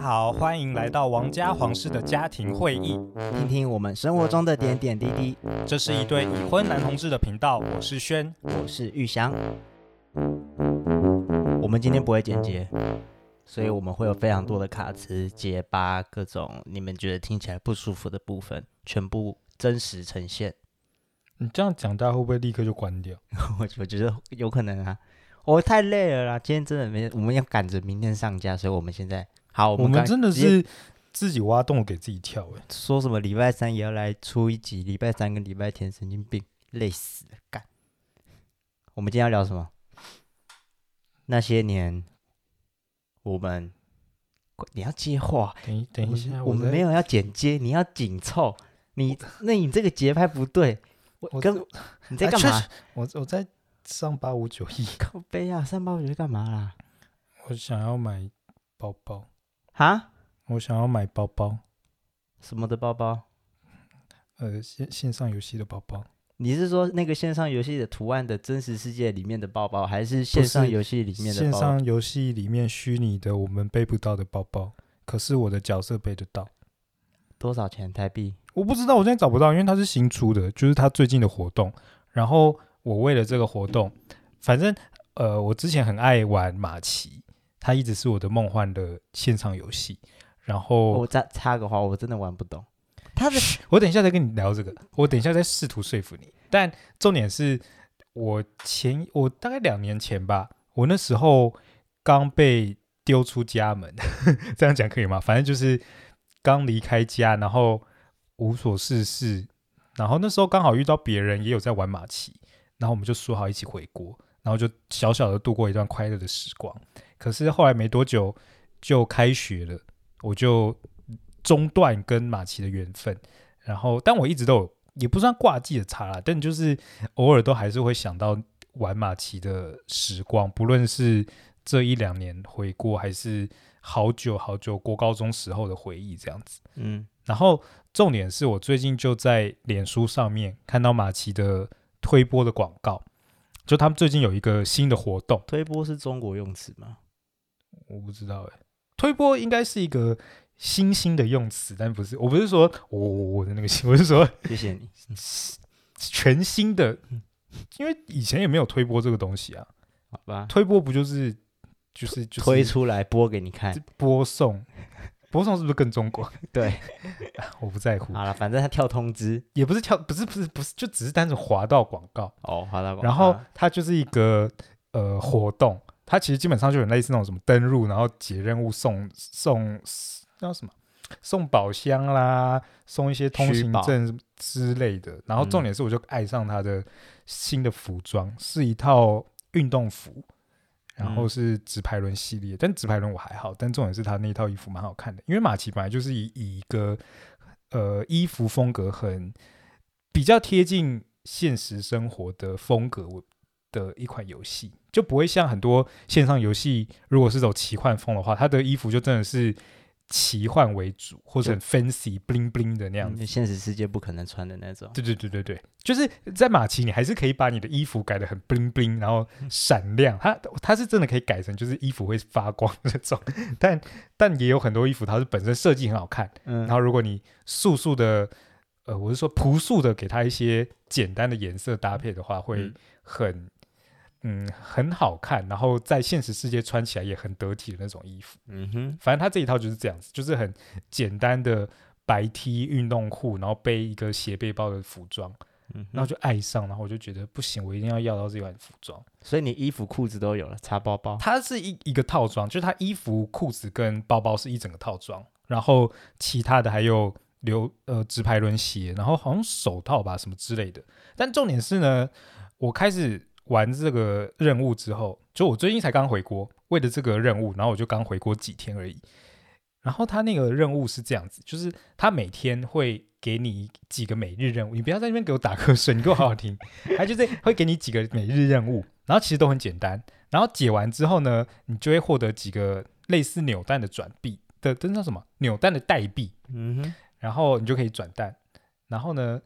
好，歡迎來到王家黃室的家庭會議，聽聽我們生活中的點點滴滴。這是一對已婚男同志的頻道，我是軒，我是玉祥。我們今天不會剪接，所以我們會有非常多的卡詞、結巴、各種你們覺得聽起來不舒服的部分，全部真實呈現。你這樣講，大家會不會立刻就關掉？我 我覺得有可能啊，我太累了啦，今天真的沒，我們要趕着明天上架，所以我們現在。好，我們真的是自己挖洞給自己跳哎！說什麼禮拜三也要來出一集，禮拜三跟禮拜天神經病，累死了，幹！我們今天要聊什麼？那些年，我們，你要接話，等等一下，一在我，在我們沒有要剪接，你要緊湊，你，那你這個節拍不對，我跟我你在幹嘛？啊、我我在上八五九一，靠背啊，上八五九一幹嘛啦？我想要買包包。啊！我想要買包包，什麼的包包？呃，線線上遊戲的包包。你是說那個線上遊戲的圖案的真實世界裡面的包包，還是線上遊戲裡面的？線，線上遊戲裡面虛擬的，我們背不到的包包。可是我的角色背得到。多少錢台幣？我不知道，我現在找不到，因為它是新出的，就是它最近的活動。然後我為了這個活動，嗯、反正呃，我之前很愛玩馬奇。它一直是我的夢幻的線上遊戲，然後我再插個話，我真的玩不懂。他的，我等一下再跟你聊這個，我等一下再試圖說服你。但重點是，我前我大概兩年前吧，我那時候剛被丟出家門，呵呵這樣講可以嗎？反正就是剛離開家，然後無所事事，然後那時候剛好遇到別人也有在玩瑪奇，然後我們就說好一起回國，然後就小小的度過一段快樂的時光。可是後來沒多久就開學了，我就中斷跟瑪奇的緣分。然後，但我一直都有也不算掛記的差啦，但就是偶爾都還是會想到玩瑪奇的時光，不論是這一兩年回國還是好久好久國高中時候的回憶這樣子。嗯。然後重點是我最近就在臉書上面看到瑪奇的推播的廣告，就他們最近有一個新的活動。推播是中國用詞嗎？我不知道哎、欸，推播應該是一個新興的用詞，但不是，我不是說我我、哦、我的那個新，我就是說謝謝你，全新的，因為以前也沒有推播這個東西啊。好吧、嗯，推播不就是就是、就是、推出來播給你看，播送，播送是不是更中國？對， 我不在乎。好了，反正他跳通知也不是跳，不是不是不是，就只是單純滑到廣告哦，滑到廣告，然後它就是一個、啊、呃活動。它其實基本上就有類似那種什麼登入，然後解任務送送那什麼送寶箱啦，送一些通行證之類的。保然後重點是，我就愛上它的新的服裝，嗯、是一套運動服，然後是直排輪系列。嗯、但直排輪我還好，但重點是它那套衣服蠻好看的，因為瑪奇本來就是以以一個呃衣服風格很比較貼近現實生活的風格。的一款遊戲，就不會像很多線上遊戲，如果是走奇幻風的話，它的衣服就真的是奇幻為主，或者很 fancy 就、bling bling 的那樣子。現實、嗯、世界不可能穿的那種。對對對對對，就是在馬奇，你還是可以把你的衣服改得很 bling bling，然後閃亮。嗯、它它是真的可以改成就是衣服會發光那種。但但也有很多衣服，它是本身設計很好看，嗯、然後如果你素素的，呃，我是說樸素的，給它一些簡單的顏色搭配的話，會很。嗯，很好看，然後在現實世界穿起來也很得體的那種衣服。嗯哼，反正他這一套就是這樣子，就是很簡單的白 T、運動褲，然後背一個斜背包的服裝，嗯哼，然後就愛上，然後我就覺得不行，我一定要要到這款服裝。所以你衣服、褲子都有了，擦包包，它是一一個套裝，就是它衣服、褲子跟包包是一整個套裝，然後其他的還有流呃直排輪鞋，然後好像手套吧什麼之類的。但重點是呢，我開始，完這個任務之後，就我最近才剛回國，為了這個任務，然後我就剛回國幾天而已。然後他那個任務是這樣子，就是他每天會給你幾個每日任務，你不要在那邊給我打瞌睡，你給我好好聽。 他就是會給你幾個每日任務，然後其實都很簡單。然後解完之後呢，你就會獲得幾個類似扭蛋的轉幣的，那叫什麼？扭蛋的代幣。嗯、哼然後你就可以轉蛋，然後呢？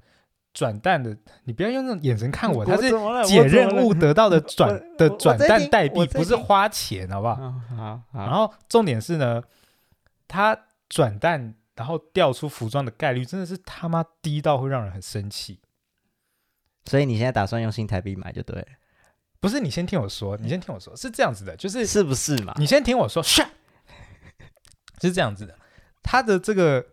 轉蛋的，你不要用那種眼神看我，他是解任務得到的轉的轉蛋代幣，不是花錢，好不好？啊、好好，然後重點是呢，他轉蛋然後掉出服裝的概率真的是他媽低到會讓人很生氣。所以你現在打算用新台幣買就對了。不是，你先聽我說，你先聽我說，是這樣子的，就是是不是嘛？你先聽我說， 是這樣子的。他的這個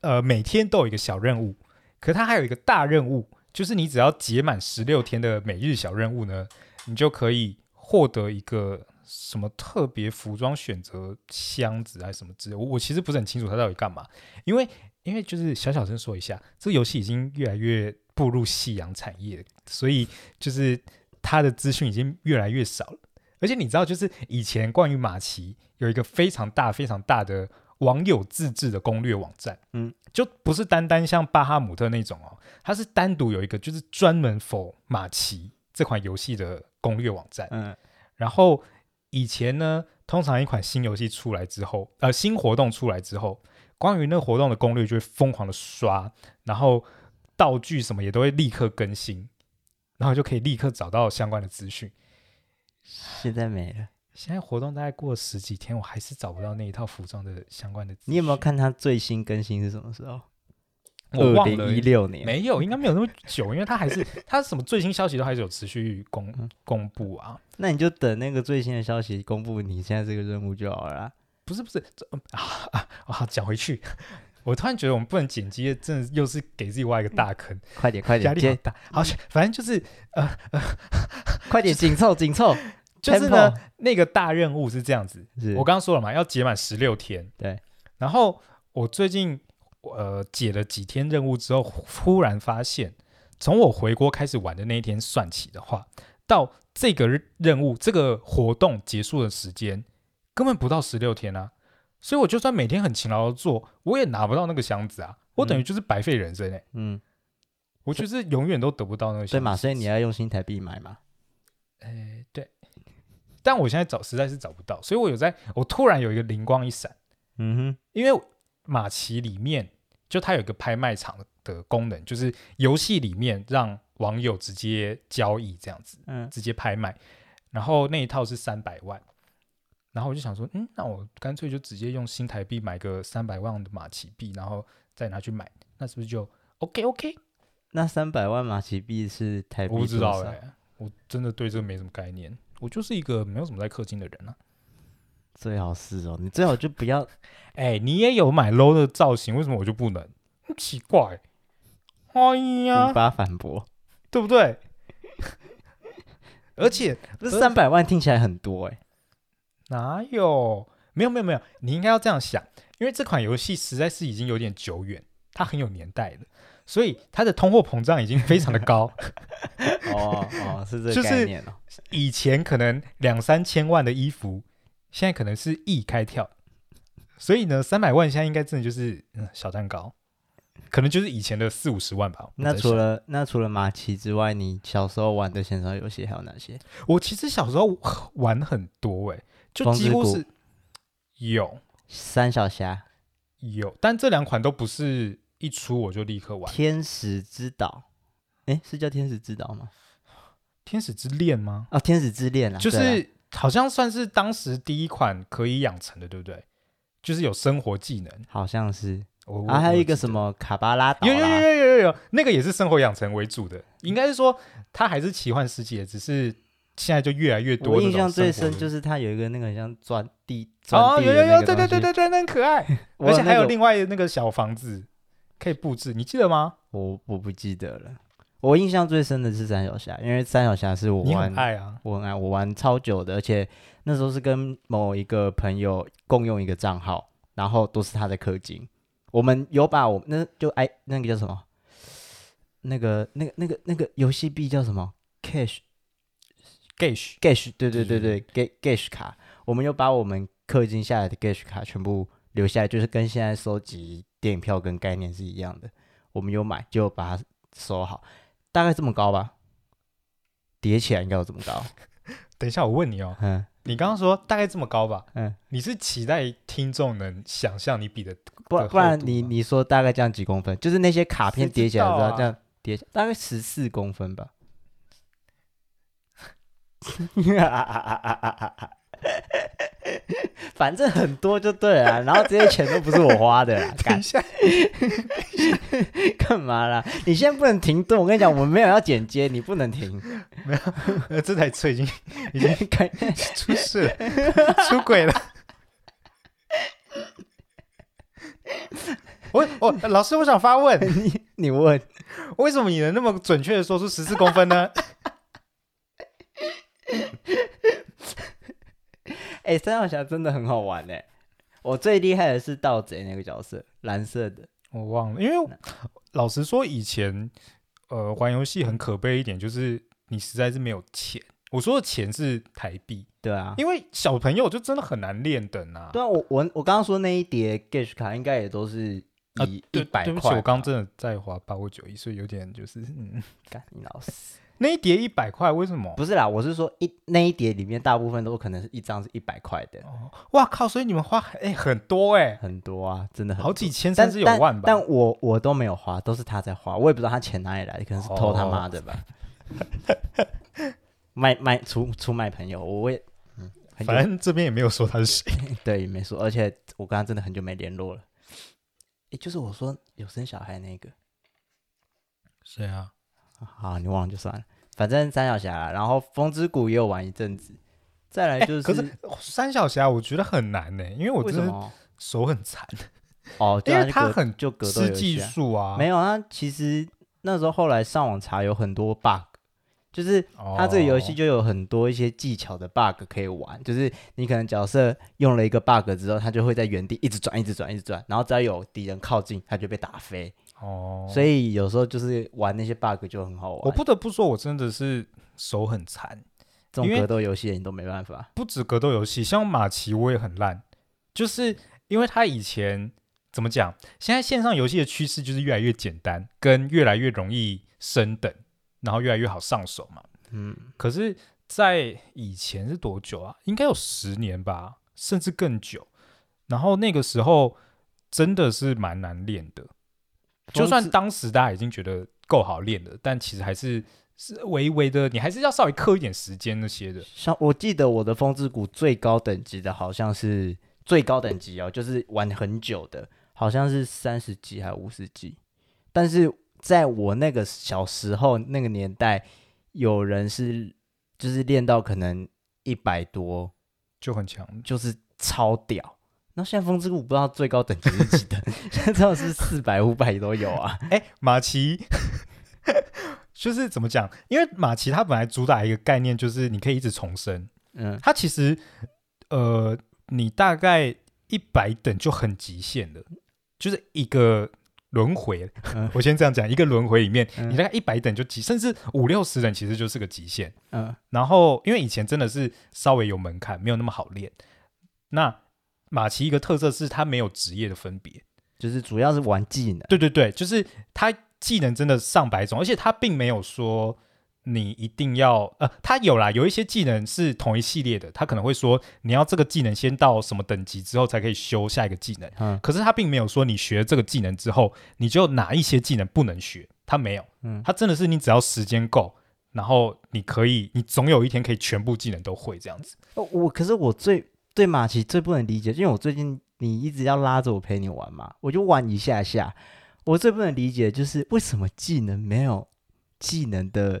呃，每天都有一個小任務。可它還有一個大任務，就是你只要解滿十六天的每日小任務呢，你就可以獲得一個什麼特別服裝選擇箱子還是什麼之類的。我我其實不是很清楚它到底幹嘛，因為因為就是小小聲說一下，這個遊戲已經越來越步入夕陽產業，所以就是它的資訊已經越來越少了。而且你知道，就是以前關於瑪奇有一個非常大，非常大的。網友自制的攻略網站，嗯，就不是單單像《巴哈姆特》那種哦，它是單獨有一個就是專門 for《瑪奇》這款遊戲的攻略網站，嗯，然後以前呢，通常一款新遊戲出來之後，呃，新活動出來之後，關於那活動的攻略就會瘋狂的刷，然後道具什麼也都會立刻更新，然後就可以立刻找到相關的資訊。現在沒了。現在活動大概過十幾天，我還是找不到那一套服裝的相關的。你有沒有看它最新更新是什麼時候？我忘了，二零一六年。沒有，應該沒有那麼久，因為它還是它什麼最新消息都還是有持續公公布啊。那你就等那個最新的消息公布，你現在這個任務就好了。不是不是啊啊啊！講回去，我突然覺得我們不能剪輯，真的又是給自己挖一個大坑。快點快點接好，反正就是呃呃，快點緊湊緊湊。就是呢，po 那個大任務是這樣子。是我剛剛說了嘛，要解滿十六天。對。然後我最近呃解了幾天任務之後，忽然發現，從我回國開始玩的那一天算起的話，到這個任務這個活動結束的時間，根本不到十六天啊。所以我就算每天很勤勞地做，我也拿不到那個箱子啊。嗯、我等於就是白費人生呢、欸。嗯。我就是永遠都得不到那個箱子。對，所以你要用新台幣買嘛。欸但我現在找實在是找不到，所以我有在，我突然有一個靈光一閃，嗯哼，因為瑪奇裡面就它有一個拍賣場的功能，就是遊戲裡面讓網友直接交易這樣子，嗯，直接拍賣，然後那一套是三百萬，然後我就想說，嗯，那我乾脆就直接用新台幣買個三百萬的瑪奇幣，然後再拿去買，那是不是就 OK OK？那三百萬瑪奇幣是台幣，我不知道哎、欸，什麼？我真的對這個沒什麼概念。我就是一個沒有什麼在氪金的人啊，最好是哦，你最好就不要，哎、 欸，你也有買 low 的造型，為什麼我就不能？奇怪、欸，哎呀，無法反駁，對不對？ 而且這三百萬聽起來很多哎、欸，哪有？沒有沒有沒有，你應該要這樣想，因為這款遊戲實在是已經有點久遠，它很有年代了。所以它的通貨膨脹已經非常的高，哦哦，是這個概念哦。以前可能兩三千萬的衣服，現在可能是億開跳。所以呢，三百萬現在應該真的就是小蛋糕，可能就是以前的四五十萬吧。那除了那除了瑪奇之外，你小時候玩的線上遊戲還有哪些？我其實小時候玩很多誒、欸，就幾乎是有三小俠有，但這兩款都不是。一出我就立刻玩《天使之島》，哎，是叫《天使之島》嗎？天嗎哦《天使之戀》嗎、就是？啊，《天使之戀》啊，就是好像算是當時第一款可以養成的，對不對？就是有生活技能，好像是。哦、啊，我還有一個什麼卡巴拉島？有有有有有有，那個也是生活養成為主的，嗯、應該是說它還是奇幻世界，只是現在就越來越多。我印象最深就是它有一個那個很像鑽地，鑽地哦，有有有，對對對對對，那很可愛， 那而且還有另外那個小房子。可以布置，你記得嗎？我我不記得了。我印象最深的是三小俠，因為三小俠是我玩啊，我很愛，我玩超久的，而且那時候是跟某一個朋友共用一個賬號，然後都是他的氪金。我們有把我們那就哎，那個叫什麼？那個那個那個那個遊戲幣叫什麼？Cash，Gash，Gash，對對對對，對，對，對，Gash 卡，我們有把我們氪金下來的 Gash 卡全部。留下來，就是跟現在收集電影票跟概念是一樣的，我們有買就把它收好，大概這麼高吧，疊起來應該有這麼高。等一下，我問你哦，嗯，你剛剛說大概這麼高吧，嗯，你是期待聽眾能想象你比的，不的不然你你說大概這樣幾公分，就是那些卡片疊起來之後、啊、這樣疊，大概十四公分吧。 啊啊啊啊啊啊啊反正很多就對了、啊，然後這些錢都不是我花的、啊。等一下，幹嘛啦？你現在不能停頓，我跟你講，我們沒有要剪接，你不能停。沒有，這台車已經已經開出事了，出軌了。 我、哦、老師，我想發問，你你問，為什麼你能那麼準確的說出十四公分呢？欸、三小俠真的很好玩哎、欸、我最厲害的是盜賊、欸、那個角色，藍色的，我忘了。因為老實說，以前呃玩遊戲很可悲一點，就是你實在是沒有錢。我說的錢是台幣，對啊，因為小朋友就真的很難練等啊。對啊，我我我剛剛說那一疊 Gash 卡，應該也都是一一百塊。對不起，我剛真的在劃八五九一，1, 所以有點就是嗯，幹老師。那一疊一百塊，為什麼？不是啦，我是說一那一疊裡面大部分都可能是一張是一百塊的。哇靠！所以你們花哎、欸、很多哎、欸，很多啊，真的很多好幾千，甚至有萬吧。但，但，但我我都沒有花，都是他在花，我也不知道他錢哪裡來的，可能是偷他媽的吧。哦、 賣賣，賣出出賣朋友，我也嗯，反正這邊也沒有說他是誰。 對，沒說，而且我跟他真的很久沒聯絡了。哎、欸，就是我說有生小孩那個，誰啊？好，你忘了就算了。反正三小俠，然後楓之谷也有玩一陣子，再來就是。欸、可是三小俠我覺得很難呢、欸，因為我真的手很殘？ 哦，就是它很、啊、就格鬥是技術啊。沒有啊，其實那時候後來上網查，有很多 bug，就是它這個遊戲就有很多一些技巧的 bug 可以玩，哦、就是你可能角色用了一個 bug 之後，它就會在原地一直轉、一直轉、一直轉，然後只要有敵人靠近，它就被打飛。哦，所以有時候就是玩那些 bug 就很好玩。我不得不說，我真的是手很殘，這種格鬥遊戲你都沒辦法。不止格鬥遊戲，像瑪奇我也很爛，就是因為他以前怎麼講？現在線上遊戲的趨勢就是越來越簡單，跟越來越容易升等，然後越來越好上手嘛。嗯。可是，在以前是多久啊？應該有十年吧，甚至更久。然後那個時候真的是蠻難練的。就算當時大家已經覺得夠好練了，但其實還是是微微的，你還是要稍微刻一點時間那些的。像我記得我的楓之谷最高等級的好像是最高等級哦，就是玩很久的，好像是三十級還五十級。但是在我那個小時候那個年代，有人是就是練到可能一百多就很強，就是超屌。那現在楓之谷不知道最高等級是幾等？現在真的是四百、五百都有啊！哎、欸，瑪奇，就是怎麼講？因為瑪奇他本來主打一個概念就是你可以一直重生。嗯，它其實呃，你大概一百等就很極限了，就是一個輪回。嗯、我先這樣講，一個輪回裡面，嗯、你大概一百等就極，甚至五六十等其實就是個極限。嗯，然後因為以前真的是稍微有門檻，沒有那麼好練。那瑪奇一個特色是他沒有職業的分別，就是主要是玩技能。對對對，就是他技能真的上百種，而且他並沒有說你一定要呃，他有啦，有一些技能是同一系列的，他可能會說你要這個技能先到什麼等級之後才可以修下一個技能。嗯，可是他並沒有說你學這個技能之後你就哪一些技能不能學，他沒有。嗯，他真的是你只要時間夠，然後你可以，你總有一天可以全部技能都會這樣子。哦，我可是我最。對馬奇最不能理解，因為我最近你一直要拉着我陪你玩嘛，我就玩一下下。我最不能理解就是為什麼技能沒有技能的，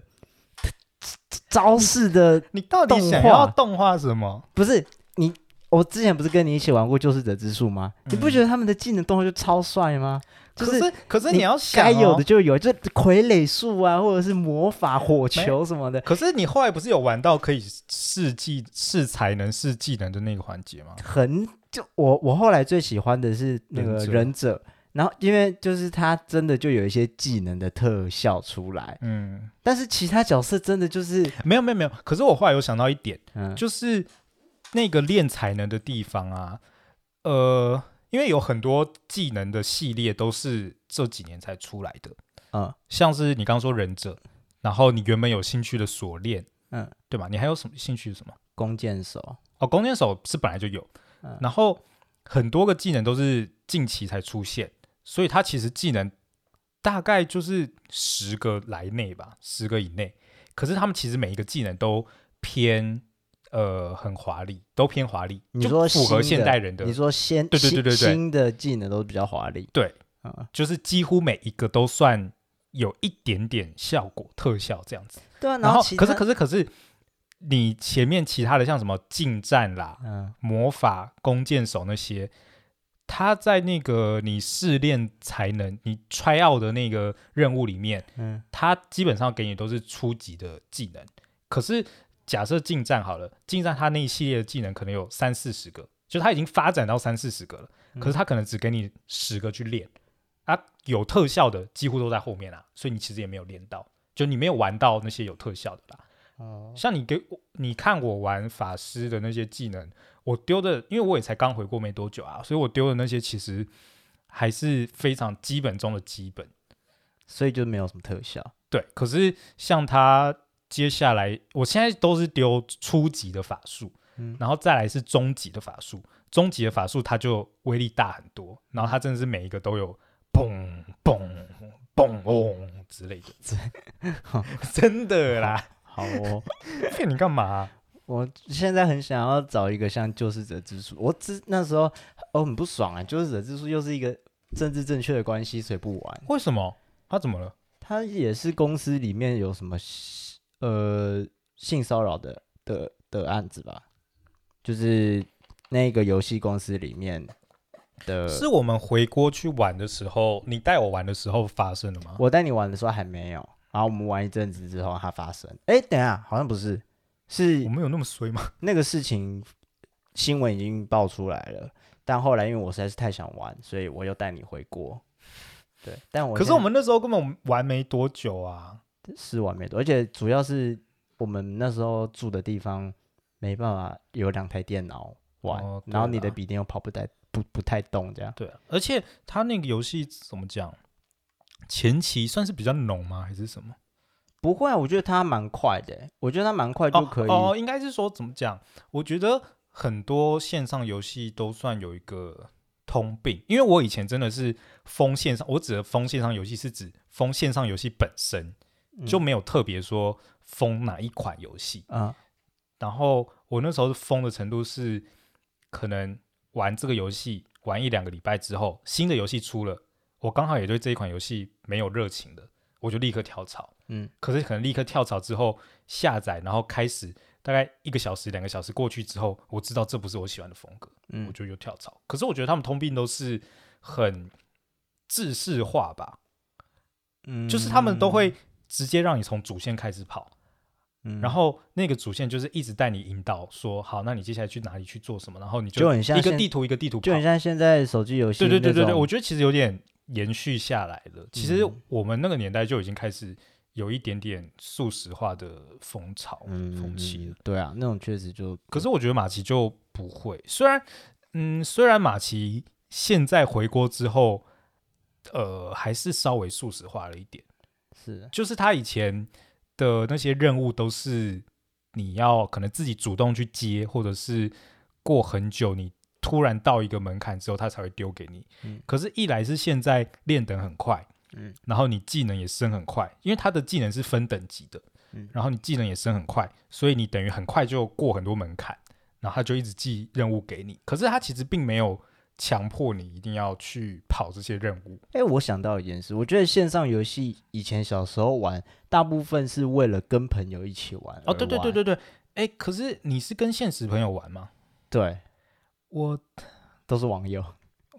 技能的招式的你，你到底想要動畫什麼？不是你？我之前不是跟你一起玩過《救世者之術》嗎？嗯，你不覺得他們的技能動畫就超帥嗎？是，可是，可是你要想，哦，你該有的就有，就傀儡術啊，或者是魔法火球什麼的。可是你後來不是有玩到可以試技、試才能、試技能的那個環節嗎？很，就我我後來最喜歡的是那個忍者，忍者然後因為就是他真的就有一些技能的特效出來，嗯。但是其他角色真的就是沒有沒有沒有。可是我後來有想到一點，嗯，就是那個練才能的地方啊，呃。因為有很多技能的系列都是這幾年才出來的，嗯，像是你剛剛說忍者，然後你原本有興趣的鎖鏈，嗯，對吧？你還有什麼興趣？什麼弓箭手？哦，弓箭手是本來就有，然後很多個技能都是近期才出現，所以它其實技能大概就是十個來內吧，十個以內。可是他們其實每一個技能都偏。呃，很華麗，都偏華麗。你說就符合現代人的？你說先對，對，對，對新，新的技能都比較華麗。對、嗯、就是幾乎每一個都算有一點點效果特效這樣子。對、啊、然後然後可是可是可是，你前面其他的像什麼近戰啦、嗯、魔法、弓箭手那些，他在那個你試煉才能你 try out 的那個任務裡面，他、嗯、基本上給你都是初級的技能，可是。假設近戰好了，近戰他那一系列的技能可能有三四十個，就他已經發展到三四十個了。可是他可能只給你十個去練、嗯、啊，有特效的幾乎都在後面啊，所以你其實也沒有練到，就你沒有玩到那些有特效的啦。哦，像你給我你看我玩法師的那些技能，我丟的，因為我也才剛回過沒多久啊，所以我丟的那些其實還是非常基本中的基本，所以就沒有什麼特效。對，可是像他。接下來，我現在都是丟初級的法術，嗯、然後再來是中級的法術。中級的法術它就威力大很多，然後它真的是每一個都有嘣嘣嘣嘣，之類的，哦、真的啦。好、哦，騙 你幹嘛、啊？我現在很想要找一個像救世者之樹，我之那時候我很不爽啊。救世者之樹又是一個政治正確的關係，所以不玩。為什麼？他、啊、怎麼了？他也是公司裡面有什麼？呃，性騷擾的的的案子吧，就是那個遊戲公司裡面的。是我們回鍋去玩的時候，你帶我玩的時候發生的嗎？我帶你玩的時候還沒有，然後我們玩一陣子之後，它發生。哎、欸，等下，好像不是，是我們有那麼衰嗎？那個事情新聞已經爆出來了，但後來因為我實在是太想玩，所以我又帶你回鍋。對，但我可是我們那時候根本玩沒多久啊。是完美多，而且主要是我們那時候住的地方沒辦法有兩台電腦玩，哦啊、然後你的筆電又跑不太不不太動這樣。對、啊，而且他那個遊戲怎麼講？前期算是比較濃嗎？還是什麼？不會、啊，我覺得他蠻快的。我覺得他蠻快就可以哦。哦，應該是說怎麼講？我覺得很多線上遊戲都算有一個通病，因為我以前真的是封線上，我指的封線上遊戲是指封線上遊戲本身。就沒有特別說瘋哪一款遊戲啊。然後我那時候瘋的程度是，可能玩這個遊戲玩一兩個禮拜之後，新的遊戲出了，我剛好也對這一款遊戲沒有熱情的，我就立刻跳槽。嗯，可是可能立刻跳槽之後下載，然後開始大概一個小時、兩個小時過去之後，我知道這不是我喜歡的風格，嗯，我就又跳槽。可是我覺得他們通病都是很制式化吧，嗯，就是他們都會。直接讓你從主線開始跑，嗯、然後那個主線就是一直帶你引導說，說好，那你接下來去哪裡去做什麼，然後你就一個地圖一個地圖，就很像現在手機遊戲。對對對對對，種我覺得其實有點延續下來了。嗯、其實我們那個年代就已經開始有一點點素食化的風潮、嗯、風氣、嗯。對啊，那種確實就，可是我覺得瑪奇就不會。雖然，嗯，雖然瑪奇現在回國之後，呃，還是稍微素食化了一點。是，就是他以前的那些任務都是你要可能自己主動去接，或者是過很久你突然到一個門檻之後，他才會丟給你。嗯，可是，一來是現在練等很快，嗯，然後你技能也升很快，因為他的技能是分等級的，嗯，然後你技能也升很快，所以你等於很快就過很多門檻，然後他就一直寄任務給你。可是他其實並沒有。強迫你一定要去跑這些任務。哎，我想到一件事，我覺得線上遊戲以前小時候玩，大部分是為了跟朋友一起玩而玩。哦，對對對對對。哎，可是你是跟現實朋友玩嗎？對，我都是網友，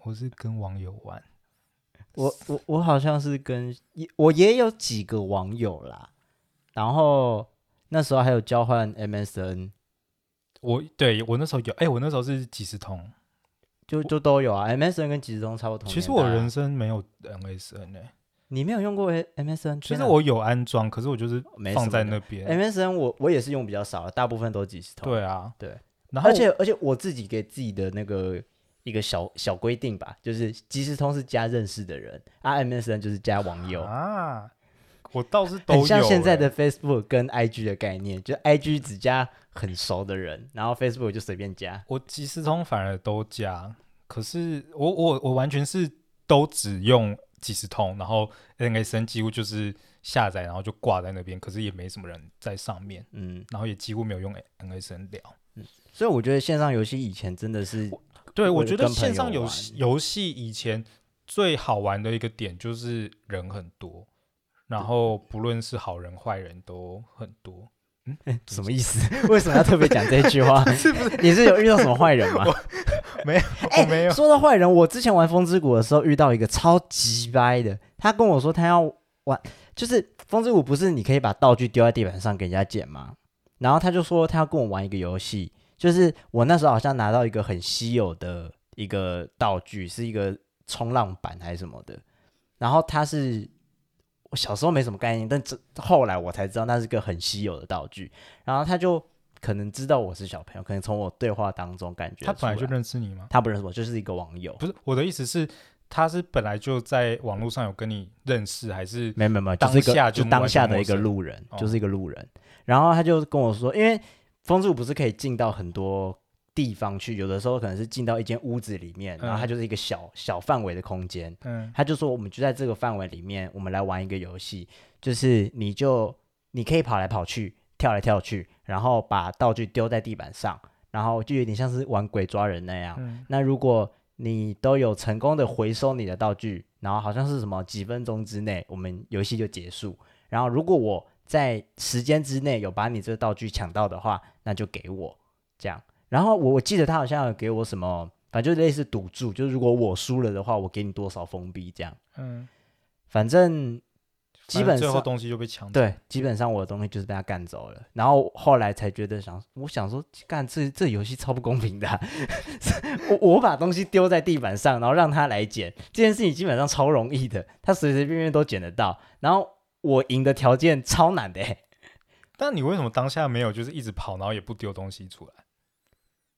我是跟網友玩。我我我好像是跟，我也有幾個網友啦。然後那時候還有交換 MSN。我對我那時候有，哎，我那時候是幾十通。就就都有啊，MSN 跟即時通差不多。其實我人生沒有 MSN 誒、欸，你沒有用過 MSN？其實我有安裝，可是我就是放在那邊。哦、MSN 我我也是用比較少，大部分都即時通。對啊，對。然後，而且而且我自己給自己的那個一個小小規定吧，就是即時通是加認識的人，而、啊、MSN 就是加網友、啊我倒是都有、欸、像現在的 Facebook 跟 IG 的概念，就是，IG 只加很熟的人，嗯、然後 Facebook 就隨便加。我即時通反而都加，可是我我我完全是都只用即時通，然後 MSN 幾乎就是下載，然後就掛在那邊，可是也沒什麼人在上面，嗯，然後也幾乎沒有用 MSN 聊。嗯，所以我覺得線上遊戲以前真的是，對，我覺得線上遊戲遊戲以前最好玩的一個點就是人很多。然後不論是好人壞人都很多對，嗯，什麼意思？ 為什麼要特別講這句話？ 是，不是你是有遇到什麼壞人嗎？ 我沒有、欸，我沒有。說到壞人，我之前玩《風之谷楓之谷》的時候遇到一個超級歪的，他跟我說他要玩，就是《風之谷楓之谷》不是你可以把道具丟在地板上給人家撿嗎？然後他就說他要跟我玩一個遊戲，就是我那時候好像拿到一個很稀有的一個道具，是一個衝浪板還是什麼的，然後他是。我小時候沒什麼概念，但這後來我才知道那是個很稀有的道具。然後他就可能知道我是小朋友，可能從我對話當中感覺。他本來就認識你嗎？他不認識我，就是一個網友。不是，我的意思是，他是本來就在網絡上有跟你認識，還是沒沒沒，就是、當下就，就當下的一個路人，就是一個路人。哦、然後他就跟我說，因為楓谷不是可以進到很多。地方去，有的時候可能是進到一間屋子裡面，然後它就是一個小、嗯、小範圍的空間。嗯，他就說我們就在這個範圍裡面，我們來玩一個遊戲，就是你就你可以跑來跑去，跳來跳去，然後把道具丟在地板上，然後就有點像是玩鬼抓人那樣。嗯，那如果你都有成功的回收你的道具，然後好像是什麼幾分鐘之內，我們遊戲就結束。然後如果我在時間之內有把你這個道具搶到的話，那就給我，這樣。然後我我記得他好像有給我什麼，反正就類似賭注，就是如果我輸了的話，我給你多少楓幣這樣。嗯，反正基本上，反正最後東西就被搶走。對，基本上我的東西就是被他幹走了。對然後後來才覺得想，我想說幹這這遊戲超不公平的啊。 我我把東西丟在地板上，然後讓他來撿，這件事情基本上超容易的，他隨隨便便都撿得到。然後我贏的條件超難的。但你為什麼當下沒有就是一直跑，然後也不丟東西出來？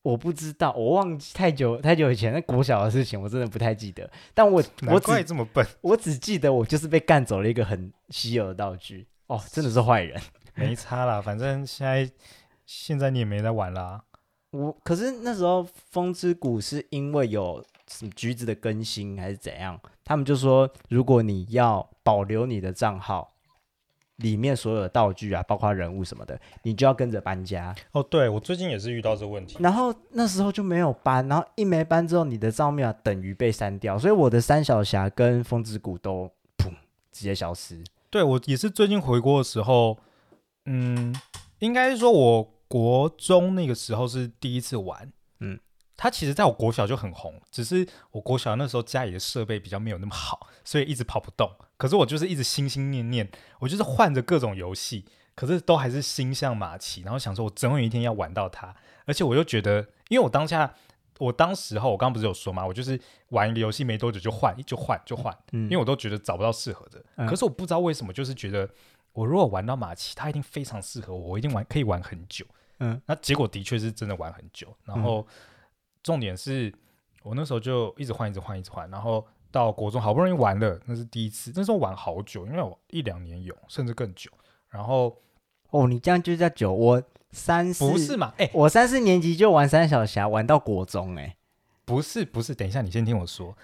我不知道，我忘記太久太久以前那國小的事情，我真的不太記得。但我我難怪這麼笨，我只記得我就是被幹走了一個很稀有的道具哦，真的是壞人，沒差啦。反正現在現在你也沒得玩啦。我可是那時候楓之谷是因為有橘子的更新還是怎樣？他們就說如果你要保留你的賬號。裡面所有的道具啊，包括人物什麼的，你就要跟着搬家哦。對，我最近也是遇到這問題，然後那時候就沒有搬，然後一沒搬之後，你的照片啊等於被刪掉，所以我的三小俠跟楓之谷都噗直接消失。對我也是最近回鍋的時候，嗯，應該是說我國中那個時候是第一次玩，嗯。它其實在我國小就很紅，只是我國小那時候家裡的設備比較沒有那麼好，所以一直跑不動。可是我就是一直心心念念，我就是換着各種遊戲，可是都還是心向瑪奇，然後想說，我總有一天要玩到它。而且我又覺得，因為我當下我當時哈，我剛剛不是有說嘛，我就是玩一個遊戲沒多久就換，就換，就換，嗯、因為我都覺得找不到適合的。嗯、可是我不知道為什麼，就是覺得我如果玩到瑪奇，它一定非常適合我，我一定玩可以玩很久。嗯，那結果的確是真的玩很久，然後。嗯重點是我那時候就一直換，一直換，一直換，然後到國中好不容易玩了，那是第一次。那時候玩好久，因為我一兩年有，甚至更久。然後哦，你這樣就叫久？我三四不是嘛？欸、我三四年級就玩三小俠，玩到國中，欸，哎，不是不是，等一下，你先聽我說。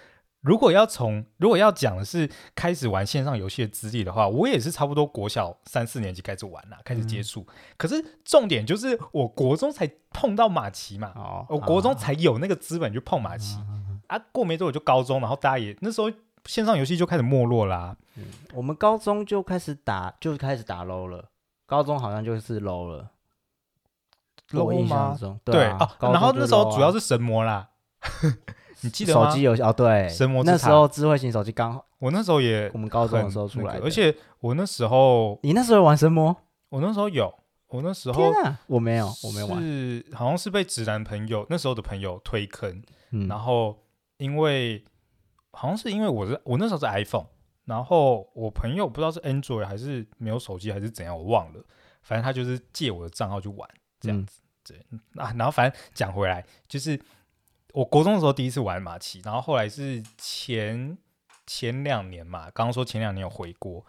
如果要從如果要講的是開始玩線上遊戲的資歷的話，我也是差不多國小三四年級開始玩啦，開始接觸。嗯、可是重點就是我國中才碰到瑪奇嘛，哦、我國中才有那個資本去碰瑪奇啊，啊，啊。過沒多久就高中，然後大家也那時候線上遊戲就開始沒落啦、啊嗯。我們高中就開始打，就開始打 low 了。高中好像就是 low 了，low 嗎？對，然後那時候主要是神魔啦。 你記得嗎？手機遊戲哦，對，神魔之塔。那時候智慧型手機剛好，我那時候也，我們高中的時候出來，那個，而且我那時候，你那時候玩神魔？我那時候有，我那時候，天啊，我沒有，我沒有玩，是好像是被直男朋友那時候的朋友推坑，嗯，然後因為好像是因為我是我那時候是 iPhone，然後我朋友不知道是 Android 還是沒有手機還是怎樣，我忘了，反正他就是借我的賬號去玩這樣子，嗯，對啊，然後反正講回來就是。我國中的時候第一次玩瑪奇，然後後來是前前兩年嘛，剛剛說前兩年有回鍋，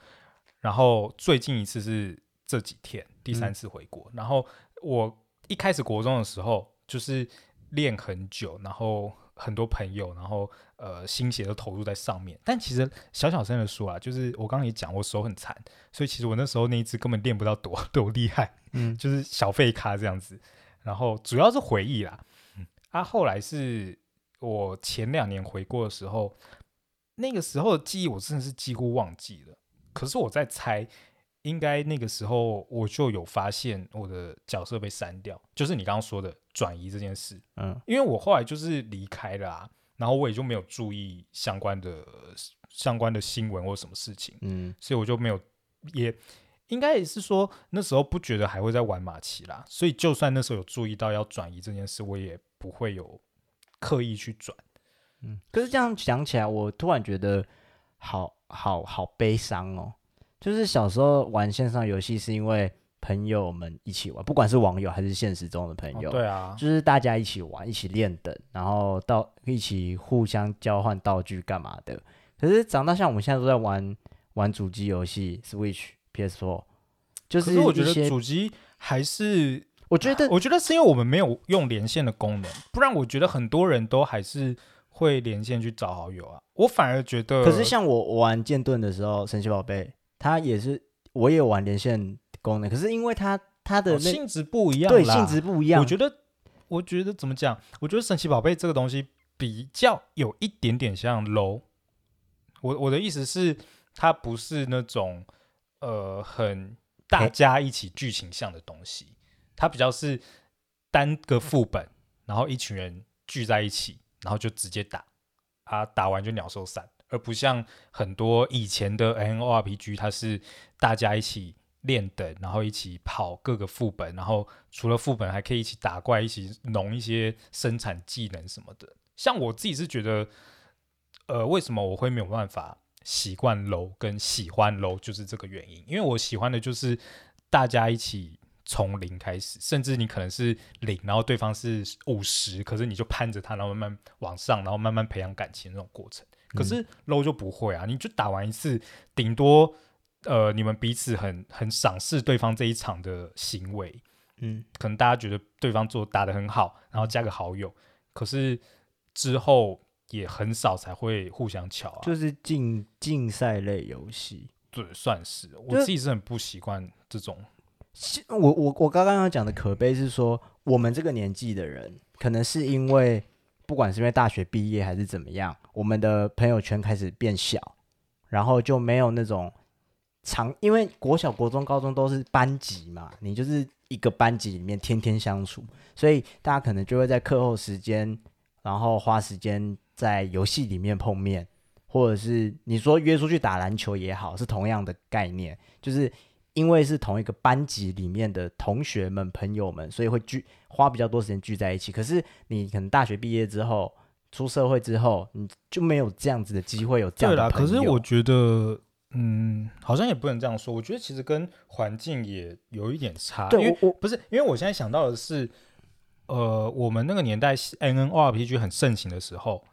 然後最近一次是這幾天第三次回鍋。嗯，然後我一開始國中的時候就是練很久，然後很多朋友，然後呃心血都投入在上面。但其實小小聲的說啊，就是我剛剛也講，我手很殘，所以其實我那時候那一次根本練不到多多厲害，嗯，就是小廢咖這樣子。然後主要是回憶啦。他、啊、後來是我前兩年回國的時候，那個時候的記憶我真的是幾乎忘記了。可是我在猜，應該那個時候我就有發現我的角色被刪掉，就是你剛剛說的轉移這件事。嗯，因為我後來就是離開了啊，然後我也就沒有注意相關的相關的新聞或什麼事情。嗯，所以我就沒有，也應該也是說那時候不覺得還會再玩瑪奇啦。所以就算那時候有注意到要轉移這件事，我也。不會有刻意去轉，嗯，可是這樣想起來，我突然覺得好好好悲傷哦。就是小時候玩線上遊戲，是因為朋友們一起玩，不管是網友還是現實中的朋友，哦、對啊，就是大家一起玩、一起練等，然後到一起互相交換道具幹嘛的。可是長大像我們現在都在玩玩主機遊戲，Switch、PS Four，就是我覺得主機還是。我覺得、啊，我覺得是因為我們沒有用連線的功能，不然我覺得很多人都還是會連線去找好友啊。我反而覺得，可是像我玩劍盾的時候，神奇寶貝，它也是，我也有玩連線的功能，可是因為它它的，哦、性質不一樣啦，對，性質不一樣。我覺得，我覺得怎麼講？我覺得神奇寶貝這個東西比較有一點點像 low。我我的意思是，它不是那種呃很大家一起劇情向的東西。Okay. 它比較是單個副本，然後一群人聚在一起，然後就直接打，啊，打完就鳥獸散，而不像很多以前的 NORPG，它是大家一起練等，然後一起跑各個副本，然後除了副本還可以一起打怪，一起弄一些生產技能什麼的。像我自己是覺得，呃，為什麼我會沒有辦法習慣樓跟喜歡樓，就是這個原因，因為我喜歡的就是大家一起。從零開始，甚至你可能是零，然後對方是五十，可是你就攀着他，然後慢慢往上，然後慢慢培養感情那種過程。嗯、可是 low 就不會啊，你就打完一次，頂多呃你們彼此很很賞識對方這一場的行為，嗯，可能大家覺得對方做打得很好，然後加個好友，可是之後也很少才會互相瞧啊。就是競競賽類遊戲，對，算是我自己是很不習慣這種。我我我剛剛要講的可悲是說，我們這個年紀的人，可能是因為不管是因為大學畢業還是怎麼樣，我們的朋友圈開始變小，然後就沒有那種長，因為國小、國中、高中都是班級嘛，你就是一個班級裡面天天相處，所以大家可能就會在課後時間，然後花時間在遊戲裡面碰面，或者是你說約出去打籃球也好，是同樣的概念，就是。因為是同一個班級裡面的同學們、朋友們，所以會聚花比較多時間聚在一起。可是你可能大學畢業之後、出社會之後，你就沒有這樣子的機會有這樣的朋友。對啊。可是我覺得，嗯，好像也不能這樣說。我覺得其實跟環境也有一點差，對，我不是因為我現在想到的是，呃，我們那個年代 MMORPG 很盛行的時候，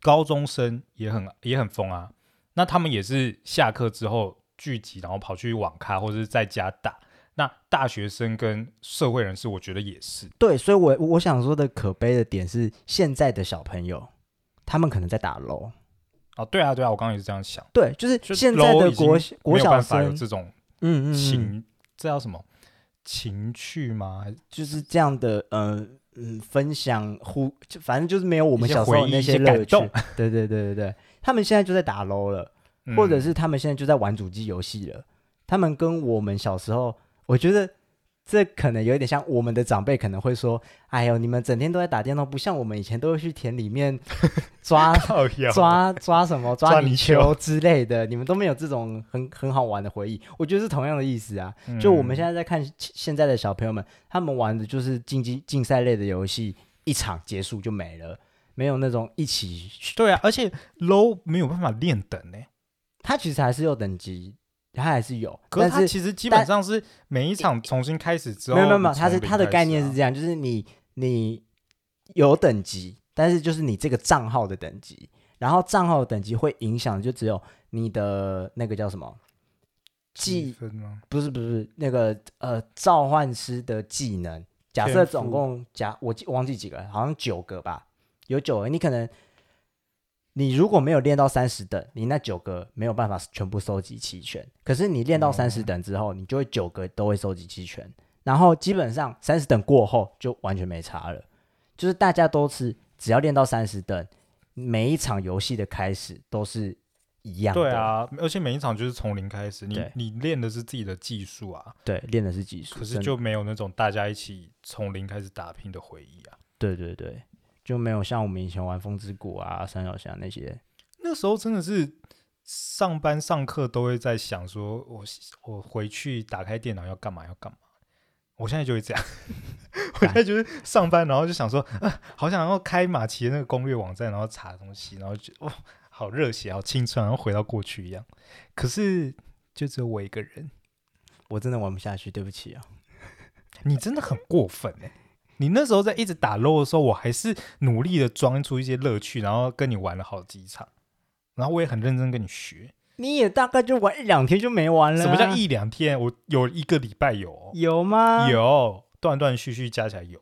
高中生也很也很瘋啊。那他們也是下課之後。聚集，然後跑去網咖或者是在家打。那大學生跟社會人士，我覺得也是。對，所以我我想說的可悲的點是，現在的小朋友他們可能在打 LOL。哦，對啊，對啊，我剛剛也是這樣想。對，就是現在的國有辦法有國小學生，這種嗯情，嗯嗯這叫什麼情趣嗎？是就是這樣的，呃嗯，分享、呼，反正就是沒有我們小時候那些樂趣。感動對,對對對對對，他們現在就在打 LOL 了。或者是他們現在就在玩主機遊戲了。他們跟我們小時候，我覺得這可能有一點像我們的長輩可能會說：“哎呦，你們整天都在打電腦，不像我們以前都會去田裡面抓抓抓什麼抓泥鰍之類的，你們都沒有這種很很好玩的回憶。”我覺得是同樣的意思啊。就我們現在在看現在的小朋友們，他們玩的就是競技競賽類的遊戲，一場結束就沒了，沒有那種一起去。對啊，而且 LOL 沒有辦法練等呢、欸。他其實還是有等級，他還是有，可是它其實基本上是每一場重新開始之後，沒有、欸欸、沒有，沒有，他是他的概念是這樣，嗯、就是你你有等級，嗯、但是就是你這個賬號的等級，然後賬號的等級會影響，就只有你的那個叫什麼技能，分不是不是那個呃召喚師的技能。假設總共天賦假我，我忘記幾個，好像九個吧，有九個，你可能。你如果沒有練到三十等，你那九個沒有辦法全部收集齊全。可是你練到三十等之後，你就會九個都會收集齊全。然後基本上三十等過後就完全沒差了，就是大家都是只要練到三十等，每一場遊戲的開始都是一樣的。對啊，而且每一場就是從零開始，你對你練的是自己的技術啊。對，練的是技術，可是就沒有那種大家一起從零開始打拼的回憶啊。對對對。就沒有像我們以前玩《楓之谷》啊、《三小俠》那些，那時候真的是上班上課都會在想，說我我回去打開電腦要幹嘛要幹嘛。我現在就會這樣， 我現在就是上班，然後就想說啊，好想要開瑪奇那個攻略網站，然後查東西，然後就哦，好熱血，好青春，然後回到過去一樣。可是就只有我一個人，我真的玩不下去，對不起啊、哦。 你真的很過分哎、欸。你那時候在一直打 LO 的時候，我還是努力地裝出一些樂趣，然後跟你玩了好幾場，然後我也很認真跟你學。你也大概就玩一兩天就沒玩了、啊？什麼叫一兩天？我有一個禮拜有，有嗎？有，斷斷續續加起來有，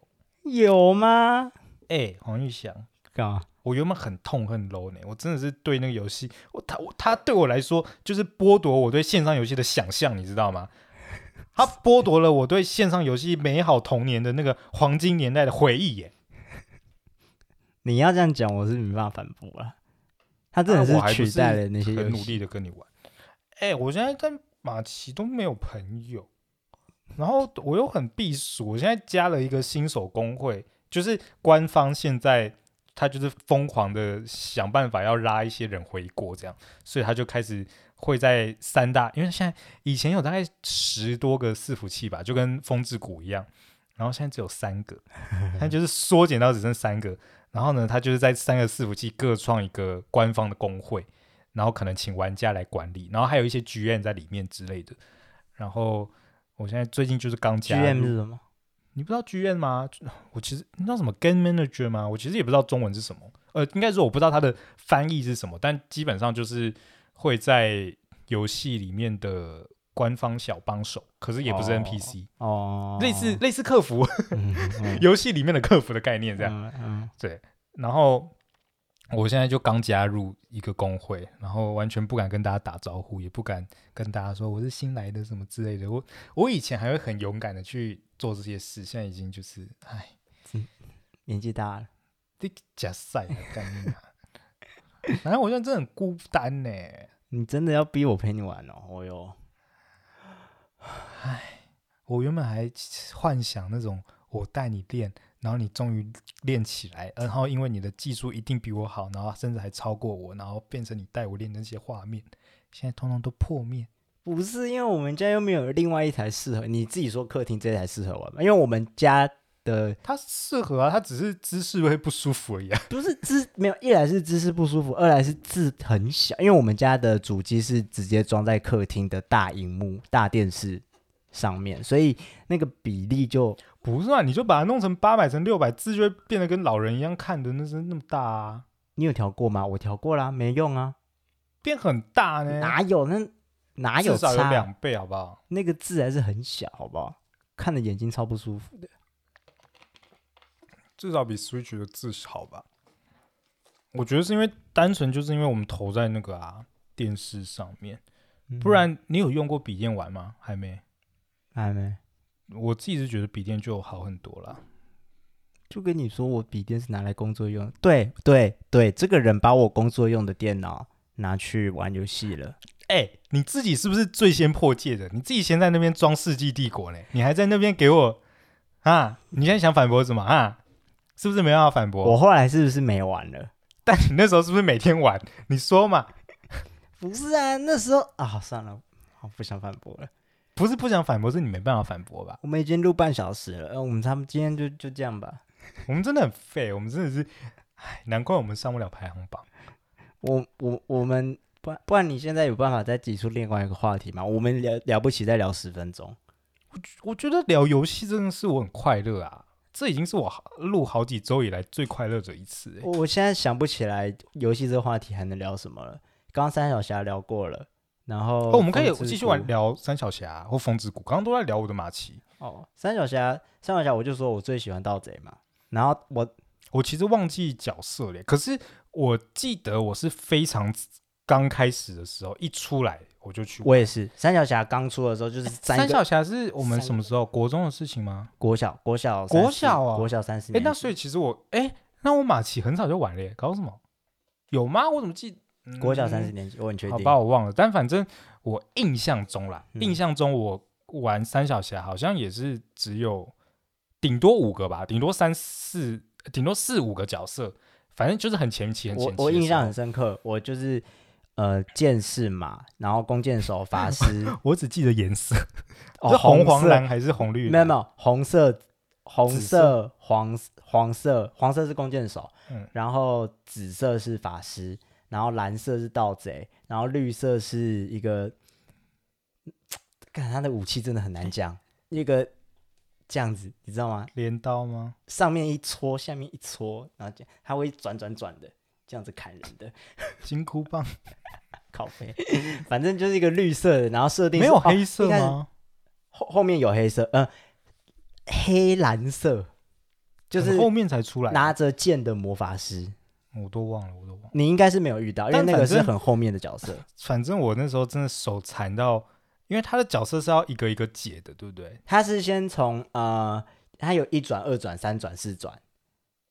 有嗎？哎，黃玉祥，幹搞我原本很痛恨 LO 呢，我真的是對那個遊戲，我他他對我來說就是剝奪我對線上遊戲的想象，你知道嗎？他剝奪了我對線上遊戲美好童年的那個黃金年代的回憶，耶！你要這樣講，我是是沒辦法反駁了。他真的是取代了那些很、啊、努力的跟你玩。哎，我現在在瑪奇都沒有朋友，然後我又很避暑。我現在加了一個新手公會，就是官方現在他就是瘋狂的想辦法要拉一些人回國，這樣，所以他就開始。會在三大，因為現在以前有大概十多個伺服器吧，就跟楓之谷一樣，然後現在只有三個，它就是縮減到只剩三個， 然後呢，它就是在三個伺服器各創一個官方的公會，然後可能請玩家來管理，然後還有一些 GM 在裡面之類的。然後我現在最近就是剛加入，GM 是什麼？你不知道 GM 嗎？我其實你知道什麼 Game Manager 嗎？我其實也不知道中文是什麼，呃，應該說我不知道它的翻譯是什麼，但基本上就是。會在遊戲裡面的官方小幫手，可是也不是 NPC 哦，類似、oh. 類似客服，mm hmm. 遊戲裡面的客服的概念這樣。嗯、mm，hmm. 對。然後我現在就剛加入一個公會，然後完全不敢跟大家打招呼，也不敢跟大家說我是新來的什麼之類的。我我以前還會很勇敢的去做這些事，現在已經就是，哎，年紀大了，你假 反正我現在真的很孤單呢。 你真的要逼我陪你玩哦？哦喲。唉，我原本還幻想那種我帶你練，然後你終於練起來，然後因為你的技術一定比我好，然後甚至還超過我，然後變成你帶我練那些畫面，現在通通都破滅。不是因為我們家又沒有另外一台適合，你自己說客廳這台適合我吧？因為我們家。的它適合啊，它只是姿勢會不舒服而已啊。不是姿沒有，一來是姿勢不舒服，二來是字很小。因為我們家的主機是直接裝在客廳的大熒幕大電視上面，所以那個比例就不是啊，你就把它弄成八百乘六百字就會變得跟老人一樣看的那是那麼大啊。你有調過嗎？我調過啦，沒用啊，變很大呢？哪有那？哪有？至少有兩倍好不好？那個字還是很小，好不好？看的眼睛超不舒服的。至少比 Switch 的字好吧，我覺得是因為單純就是因為我們投在那個啊電視上面，不然你有用過筆電玩嗎？還沒，還沒，我自己是覺得筆電就好很多了。就跟你說，我筆電是拿來工作用。對對對，這個人把我工作用的電腦拿去玩遊戲了。哎，嗯，欸，你自己是不是最先破戒的？你自己先在那邊裝《世紀帝國》呢？你還在那邊給我啊？你現在想反駁什麼啊？是不是沒辦法反駁？我後來是不是沒玩了？但你那時候是不是每天玩？你說嘛？不是啊，那時候啊，算了，我不想反駁了。不是不想反駁，是你沒辦法反駁吧？我們已經錄半小時了，我們差不多今天就就這樣吧。 我們真的很廢，我們真的是，哎，難怪我們上不了排行榜。我我我們不然不然你現在有辦法再擠出另外一個話題嗎？我們聊聊不起，再聊十分鐘。我我覺得聊遊戲真的是我很快樂啊。這已經是我好錄好幾周以來最快樂的一次。我現在想不起來遊戲這個話題還能聊什麼了。剛剛三小俠聊過了，然後，哦，我們可以繼續玩聊三小俠或楓之谷。剛剛都在聊我的瑪奇哦，三小俠，三小俠，我就說我最喜歡盜賊嘛。然後我我其實忘記角色了，可是我記得我是非常。剛開始的時候，一出來我就去。我也是。三小俠剛出的時候就是三、欸。三小俠是我們什麼時候個國中的事情嗎？國小，國小，國小啊，國小三十年。哎、欸，那所以其實我，哎、欸，那我瑪奇很早就玩了耶，搞什麼？有嗎？我怎麼記？嗯、國小三十年級，我很確定。好吧，我忘了。但反正我印象中啦，嗯、印象中我玩三小俠好像也是只有頂多五個吧，頂多三四，頂多四五個角色。反正就是很前期，很前期我。我印象很深刻，我就是。呃，劍士嘛，然後弓箭手、法師。我，我只記得顏色，哦、紅色是紅黃藍還是紅綠？沒有沒有，紅色、紅色、黃黃色、黃色是弓箭手，嗯、然後紫色是法師，然後藍色是盜賊，然後綠色是一個。看他的武器真的很難講，一個這樣子，你知道嗎？鐮刀嗎？上面一搓，下面一搓，然後這樣，它會轉轉轉的。這樣子砍人的金箍棒，靠北，反正就是一個綠色的，然後設定沒有黑色嗎？後、哦、後面有黑色，呃，黑藍色，就是，是後面才出來拿着劍的魔法師，我都忘了，我都忘了，你應該是沒有遇到，因為那個是很後面的角色。反正，反正我那時候真的手殘到，因為他的角色是要一個一個解的，對不對？他是先從呃，他有一轉、二轉、三轉、四轉。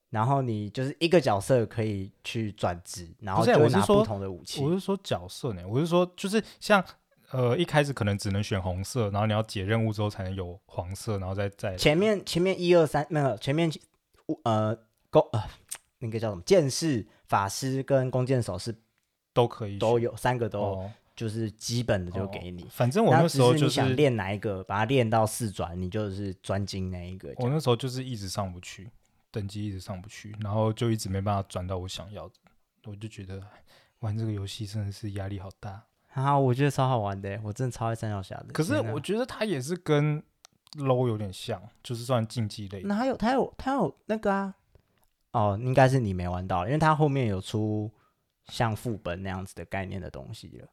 然後你就是一個角色可以去轉職，然後就拿不同的武器我。我是說角色呢，我是說就是像呃一開始可能只能選紅色，然後你要解任務之後才能有黃色，然後再再前面前面一二三那個、呃、前面，呃弓呃那個叫什麼劍士、法師跟弓箭手是都，都可以都有三個都、哦、就是基本的就給你。哦、反正我那時候就是，是你想練哪一個，把它練到四轉，你就是專精那一個。我那時候就是一直上不去。等級一直上不去，然後就一直沒辦法轉到我想要的，我就覺得玩這個遊戲真的是壓力好大啊！我覺得超好玩的、欸，我真的超愛三小俠的。可是天哪！我覺得它也是跟 LO 有點像，就是算競技類。哪有？它有？它有那個啊？哦，應該是你沒玩到，因為他後面有出像副本那樣子的概念的東西了。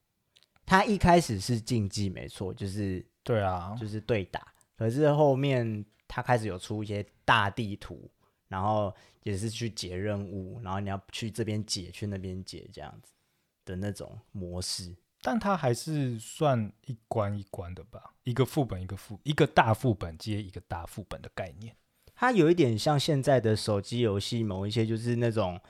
他一開始是競技，沒錯，就是對啊，就是對打。可是後面他開始有出一些大地圖。然後也是去解任務，然後你要去這邊解，去那邊解，這樣子的那種模式。但它還是算一關一關的吧，一個副本一個副，一個大副本接一個大副本的概念。它有一點像現在的手機遊戲，某一些就是那種。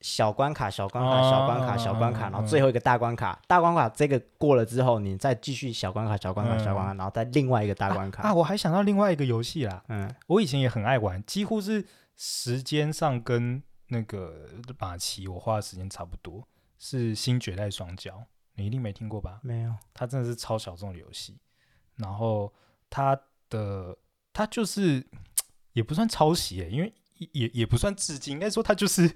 小關卡，小關卡，小關卡，小關卡，然後最後一個大關卡，大關卡這個過了之後，你再繼續小關卡，小關卡，小關卡，然後再另外一個大關卡啊！我還想到另外一個遊戲啦，嗯，我以前也很愛玩，幾乎是時間上跟那個瑪奇我花的時間差不多，是《新絕代雙驕》，你一定沒聽過吧？沒有，它真的是超小眾的遊戲，然後它的它就是也不算抄襲欸，因為。也也不算致敬，應該說他就是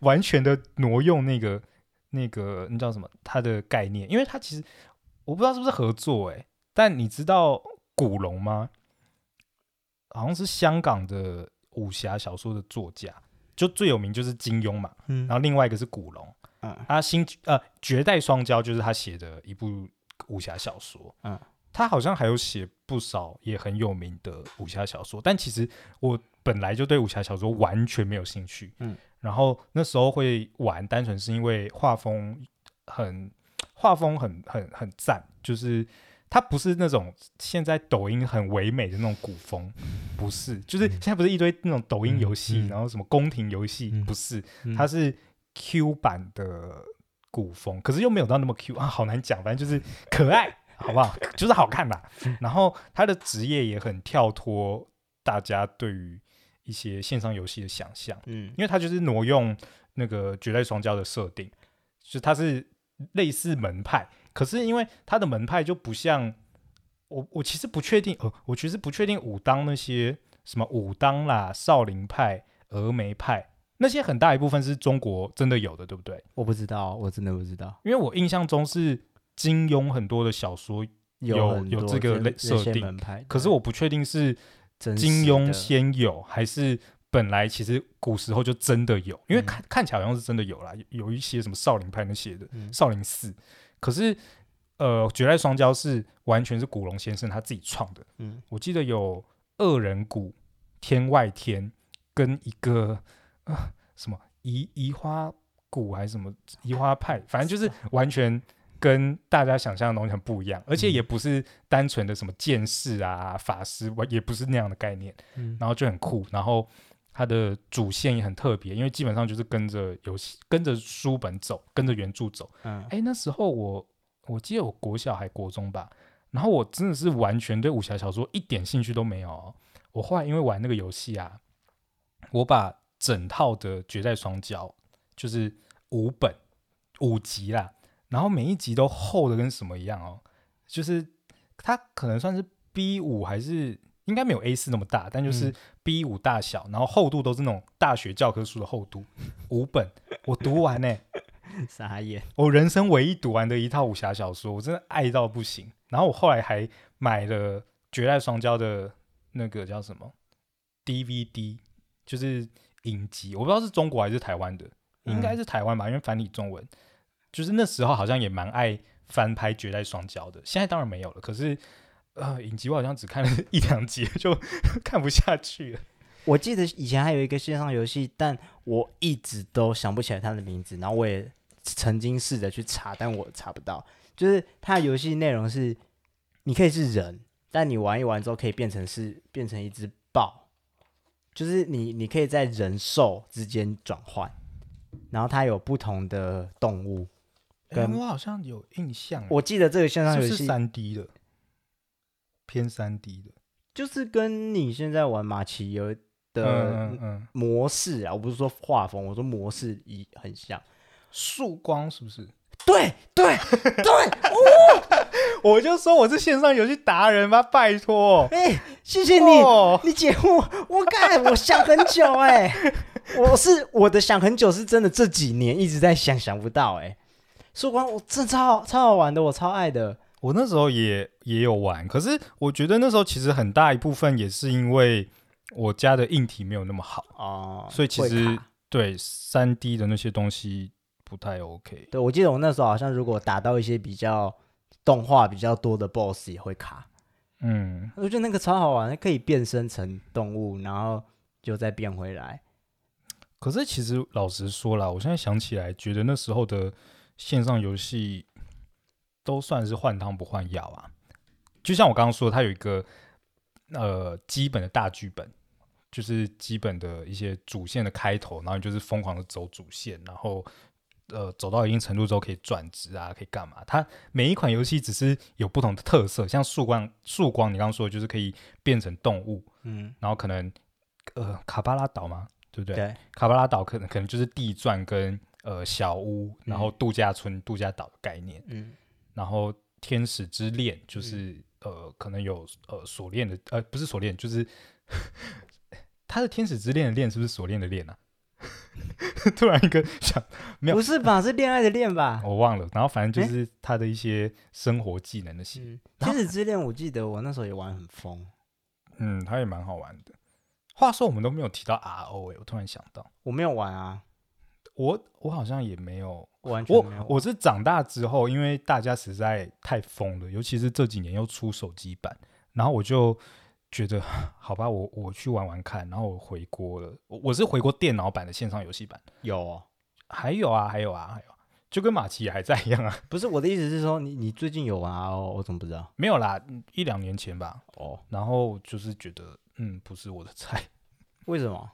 完全的挪用那個那個你知道什麼他的概念，因為他其實我不知道是不是合作誒、欸，但你知道古龍嗎？好像是香港的武俠小說的作家，就最有名就是金庸嘛，嗯、然後另外一個是古龍，嗯、他新呃絕代雙驕就是他寫的一部武俠小說，嗯。他好像還有寫不少也很有名的武俠小說，但其實我本來就對武俠小說完全沒有興趣。嗯，然後那時候會玩，單純是因為畫風很畫風很很很贊，就是它不是那種現在抖音很唯美的那種古風，不是，就是現在不是一堆那種抖音遊戲，嗯，然後什麼宮廷遊戲，嗯，不是，它是 Q 版的古風，嗯，可是又沒有到那麼 Q 啊，好難講，反正就是可愛。嗯。好不好？就是好看吧。 然後他的職業也很跳脫大家對於一些線上遊戲的想象，嗯，因為他就是挪用那個絕代雙驕的設定，就他是類似門派，可是因為他的門派就不像我，我其實不確定、呃，我其實不確定武當那些什麼武當啦、少林派、峨眉派那些很大一部分是中國真的有的，對不對？我不知道，我真的不知道，因為我印象中是。金庸很多的小說有有，有這個類設定，可是我不確定是金庸先有還是本來其實古時候就真的有，嗯、因為看看起來好像是真的有啦，有，有一些什麼少林派那些的、嗯、少林寺，可是呃，絕代雙驕是完全是古龍先生他自己創的，嗯、我記得有惡人谷、天外天跟一個啊、呃、什麼移移花谷還是什麼移花派，反正就是完全是、啊。完全跟大家想象的東西很不一樣，而且也不是單純的什麼劍士啊、嗯、法師，也不是那樣的概念，嗯、然後就很酷。然後它的主線也很特別，因為基本上就是跟着遊戲、跟着書本走，跟着原著走。嗯，哎，那時候我我記得我國小還國中吧，然後我真的是完全對武俠小說一點興趣都沒有、哦。我後來因為玩那個遊戲啊，我把整套的《絕代雙驕》就是五本五集啦。嗯然後每一集都厚的跟什麼一樣哦，就是它可能算是 B 五還是應該沒有 A 四那麼大，但就是 B 五大小，然後厚度都是那種大學教科書的厚度，五本我讀完呢，傻眼！我人生唯一讀完的一套武俠小說，我真的愛到不行。然後我後來還買了《絕代雙驕》的那個叫什麼 DVD，就是影集，我不知道是中國還是台灣的，應該是台灣吧，因為繁體中文。就是那時候好像也蠻愛翻拍《絕代雙驕》的，現在當然沒有了。可是，呃，影集，我好像只看了一兩集就 看不下去了。我記得以前還有一個線上遊戲，但我一直都想不起來它的名字。然後我也曾經試着去查，但我查不到。就是它遊戲內容是，你可以是人，但你玩一玩之後可以變成是變成一隻豹，就是你你可以在人獸之間轉換，然後它有不同的動物。哎跟、欸，我好像有印象。我記得這個線上遊戲是三 D 的，偏三 D 的，就是跟你現在玩瑪奇遊的嗯嗯嗯模式啊，我不是說畫風，我說模式一很像。曙光是不是對對 對，哦， 我就說我是線上遊戲達人嘛，拜託。哎、欸，謝謝你，哦、你姐夫，我靠，我想很久哎、欸， 我是我的想很久是真的，這幾年一直在想，想不到哎、欸。曙光，我真的超超好玩的，我超愛的。我那時候也也有玩，可是我覺得那時候其實很大一部分也是因為我家的硬體沒有那麼好哦。呃、所以其實卡對三 D 的那些東西不太 OK。對，我記得我那時候好像如果打到一些比較動畫比較多的 BOSS 也會卡。嗯，我覺得那個超好玩，可以變身成動物，然後就再變回來。可是其實老實說啦，我現在想起來，覺得那時候的。線上遊戲都算是換湯不換藥啊，就像我剛剛說，它有一個呃基本的大劇本，就是基本的一些主線的開頭，然後就是瘋狂的走主線，然後呃走到一定程度之後可以轉職啊，可以幹嘛？它每一款遊戲只是有不同的特色，像曙光，曙光你剛剛說的就是可以變成動物，嗯，然後可能呃卡巴拉島嘛，對不對？對，卡巴拉島可能可能就是地轉跟。呃，小屋，然後度假村、嗯、度假島的概念，嗯，然後天使之戀就是、嗯、呃，可能有呃鎖鏈的，呃，不是鎖鏈，就是它 的天使之戀的戀是不是鎖鏈的戀呢、啊？ 突然一個想，沒有，不是吧？ 是戀愛的戀吧？我忘了。然後反正就是他的一些生活技能那些。欸、然後天使之戀，我記得我那時候也玩很瘋。嗯，他也蠻好玩的。話說我們都沒有提到 RO 哎、欸，我突然想到，我沒有玩啊。我我好像也沒有完全沒有玩。我，我是長大之後，因為大家實在太瘋了，尤其是這幾年又出手機版，然後我就覺得好吧，我我去玩玩看，然後我回鍋了。我我是回鍋電腦版的線上遊戲版，有，還有啊，還有啊，還有啊，就跟瑪奇還在一樣啊。不是我的意思是說你，你你最近有玩啊哦，我怎麼不知道？沒有啦，一兩年前吧。哦，然後就是覺得嗯，不是我的菜，為什麼？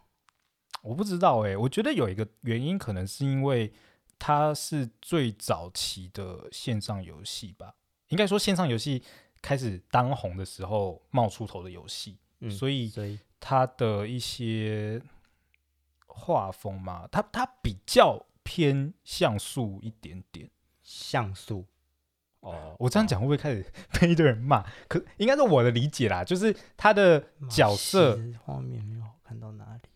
我不知道誒，欸，我覺得有一個原因，可能是因為它是最早期的線上遊戲吧，應該說，線上遊戲開始當紅的時候冒出頭的遊戲，嗯，所以它的一些畫風嘛，它它比較偏像素一點點，像素。哦，我這樣講會不會開始被一堆人罵？哦，可應該是我的理解啦，就是他的角色畫面沒有好看到哪裡。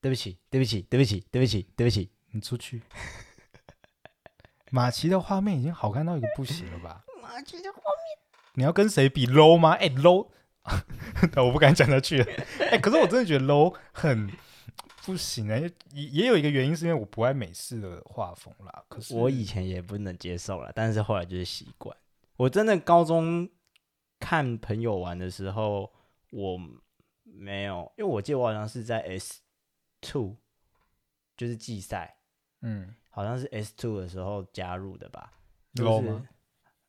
對不起，對不起，對不起，對不起，對不起，你出去。 馬奇的畫面已經好看到一個不行了吧？ 馬奇的畫面，你要跟誰比 low 嗎？哎、欸、，low，、啊、呵呵我不敢講下去了。哎、 欸，可是我真的覺得 low 很不行啊。也也有一個原因是因為我不愛美式的畫風啦。可是我以前也不能接受啦，但是後來就是習慣。我真的高中看朋友玩的時候，我沒有，因為我記得我好像是在 S。Two 就是季賽，嗯，好像是 S Two 的時候加入的吧，就是，Low 嗎？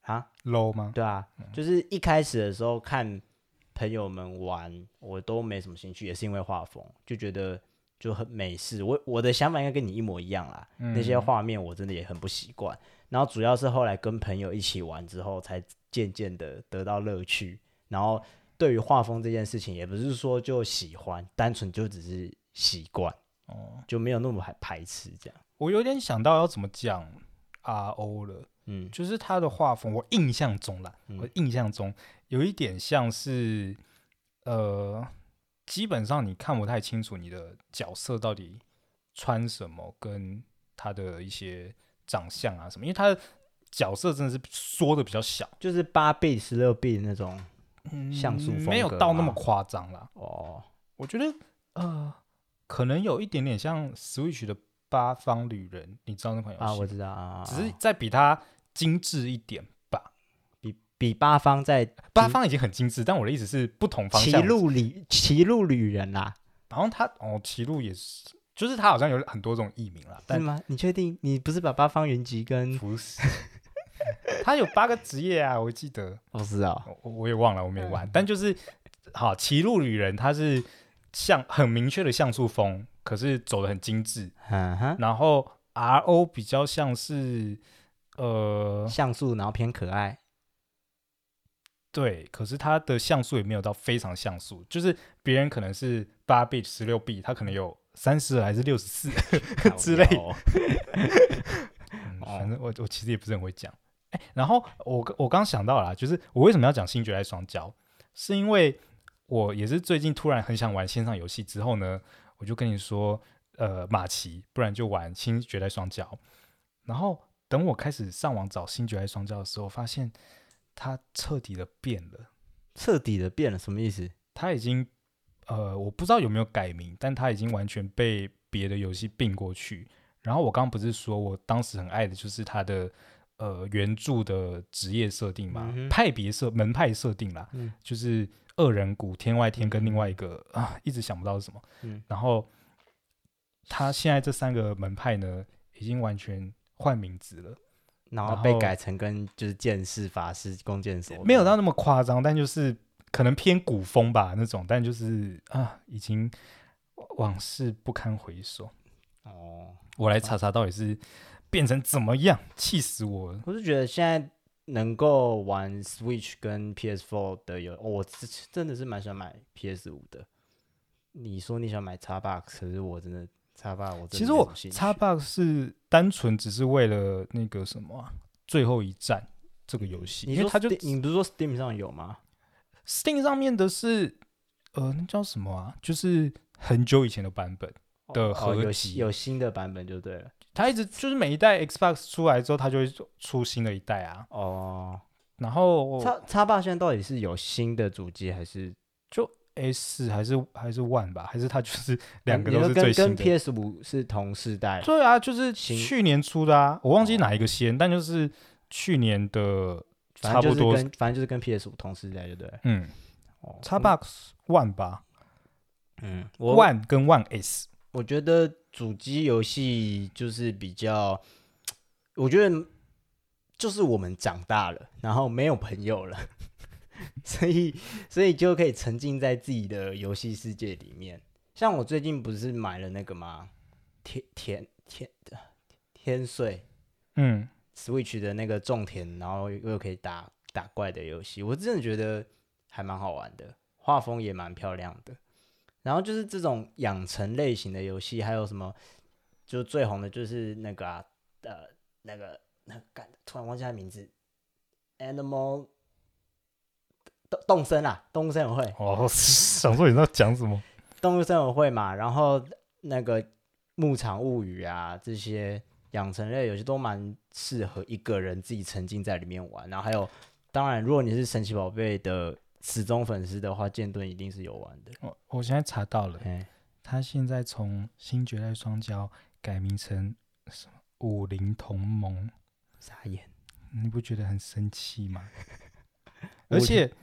啊，Low 嗎？對啊，嗯，就是一開始的時候看朋友們玩，我都沒什麼興趣，也是因為畫風，就覺得就很美式。我我的想法應該跟你一模一樣啦，嗯，那些畫面我真的也很不習慣。然後主要是後來跟朋友一起玩之後，才漸漸的得到樂趣。然後對於畫風這件事情，也不是說就喜歡，單純就只是。習慣哦，就沒有那麼還排斥這樣。我有點想到要怎麼講 RO 了，嗯，就是他的畫風，我印象中啦，嗯、我印象中有一點像是，呃，基本上你看不太清楚你的角色到底穿什麼，跟他的一些長相啊什麼，因為他的角色真的是縮的比較小，就是八倍、十六倍那種像素風、嗯，沒有到那麼誇張啦。哦，我覺得，呃。可能有一點點像 Switch 的《八方旅人》，你知道那款遊戲啊？我知道，啊、只是在比它精緻一點吧。比比八方在八方已經很精緻，但我的意思是不同方向。《歧路旅歧路旅人、啊》啦，然後他哦，《歧路》也是，就是他好像有很多種譯名了。但是嗎？你確定？你不是把八方雲集跟不是？ 他有八個職業啊，我記得。不知道我，我也忘了，我沒玩。嗯、但就是好，《歧路旅人》他是。像很明確的像素風，可是走得很精致。Uh huh. 然後 RO 比較像是呃像素，然後偏可愛。對，可是它的像素也沒有到非常像素，就是別人可能是 8bit、16bit，它可能有三十還是六十四之類的。 反正我我其實也不是很會講。哎、欸，然後我我剛想到了啦，就是我為什麼要講新絕代雙驕，是因為。我也是最近突然很想玩線上遊戲，之後呢，我就跟你說，呃，瑪奇，不然就玩新絕代雙驕，然後等我開始上網找新絕代雙驕的時候，發現它徹底的變了，徹底的變了，什麼意思？它已經呃，我不知道有沒有改名，但它已經完全被別的遊戲併過去。然後我剛剛不是說我當時很愛的就是它的呃原著的職業設定嘛，嗯、哼派別設門派設定啦，嗯、就是。惡人谷天外天跟另外一個、嗯、啊，一直想不到是什麼。嗯，然後他現在這三個門派呢，已經完全換名字了，然後被改成跟就是劍士、法師、弓箭手，沒有到那麼誇張，但就是可能偏古風吧那種，但就是啊，已經往事不堪回首。哦，我來查查到底是變成怎麼樣，哦、氣死我了！我是覺得現在。能夠玩 Switch 跟 PS4 的有，哦、我真真的是蠻想買 PS 五的。你說你想買 Xbox，可是我真的 Xbox，我其實我 Xbox 是單純只是為了那個什麼、啊《最後一戰》這個遊戲、嗯，你說他就你不是說 Steam 上有嗎？Steam 上面的是呃，那叫什麼啊？就是很久以前的版本的合集、哦，有新的版本就對了。它一直就是每一代 Xbox 出來之後，它就會出新的一代啊。哦，然後叉叉爸現在到底是有新的主機，還是 就 S 還是還是 One 吧？還是它就是兩個都是最新、嗯、跟，跟 PS 五是同世代。對啊，就是去年出的啊，我忘記哪一個先，哦、但就是去年的差不多，反正，跟反正就是跟 PS 五同世代，就對。嗯，叉 box One 吧。嗯，One 跟 One S，, 我，我覺得。主機遊戲就是比較，我覺得就是我們長大了，然後沒有朋友了， 所以所以就可以沉浸在自己的遊戲世界裡面。像我最近不是買了那個嗎？天天天穗，穗嗯，Switch 的那個種田，然後又可以打打怪的遊戲，我真的覺得還蠻好玩的，畫風也蠻漂亮的。然後就是這種養成類型的遊戲，還有什麼？就最紅的就是那個啊，呃，那個那個干的，突然忘記他名字。Animal 動動森啊，動物森友會。哦，想說你在講什麼？ 動物森友會嘛，然後那個牧場物語啊，這些養成類遊戲都蠻適合一個人自己沉浸在裡面玩。然後還有，當然，如果你是神奇寶貝的。死忠粉絲的話，劍盾一定是有玩的。我我現在查到了，嘿他現在從《新絕代雙驕》改名成什麼“武林同盟”，傻眼！你不覺得很生氣嗎？ 武而？而且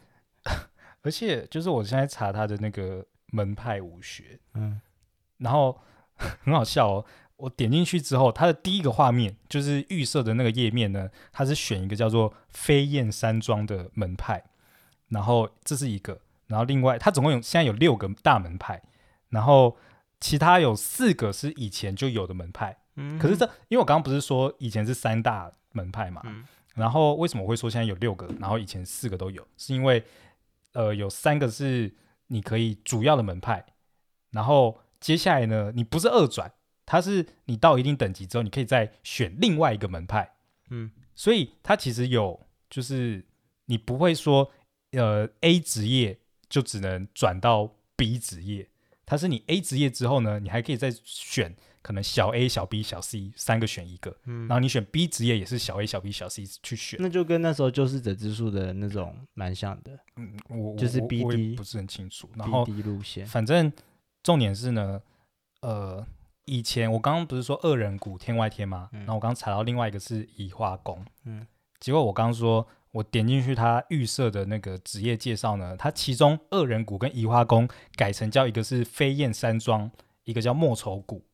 而且，就是我現在查他的那個門派武學，嗯，然後很好笑哦。我點進去之後，他的第一個畫面就是預設的那個頁面呢，他是選一個叫做“飛燕山莊”的門派。然後這是一個，然後另外它總共有現在有六個大門派，然後其他有四個是以前就有的門派，嗯，可是這因為我剛剛不是說以前是三大門派嘛，嗯，然後為什麼我會說現在有六個，然後以前四個都有，是因為呃有三個是你可以主要的門派，然後接下來呢你不是二轉，它是你到一定等級之後，你可以再選另外一個門派，嗯，所以它其實有就是你不會說。呃，A 職業就只能轉到 B 職業，它是你 A 職業之後呢，你還可以再選，可能小 A、小 B、小 C 三個選一個，嗯，然後你選 B 職業也是小 A、小 B、小 C 去選，那就跟那時候救世者之樹的那種蠻像的，嗯，我，我就是 B D 我不是很清楚，然後 D 路線，反正重點是呢，呃，以前我剛剛不是說惡人谷、天外天嗎？嗯，然後我剛查到另外一個是移花宮，嗯，結果我剛說。我點進去它預設的那個職業介紹呢，它其中惡人谷跟移花宮改成叫一個是飛燕山莊，一個叫莫愁谷，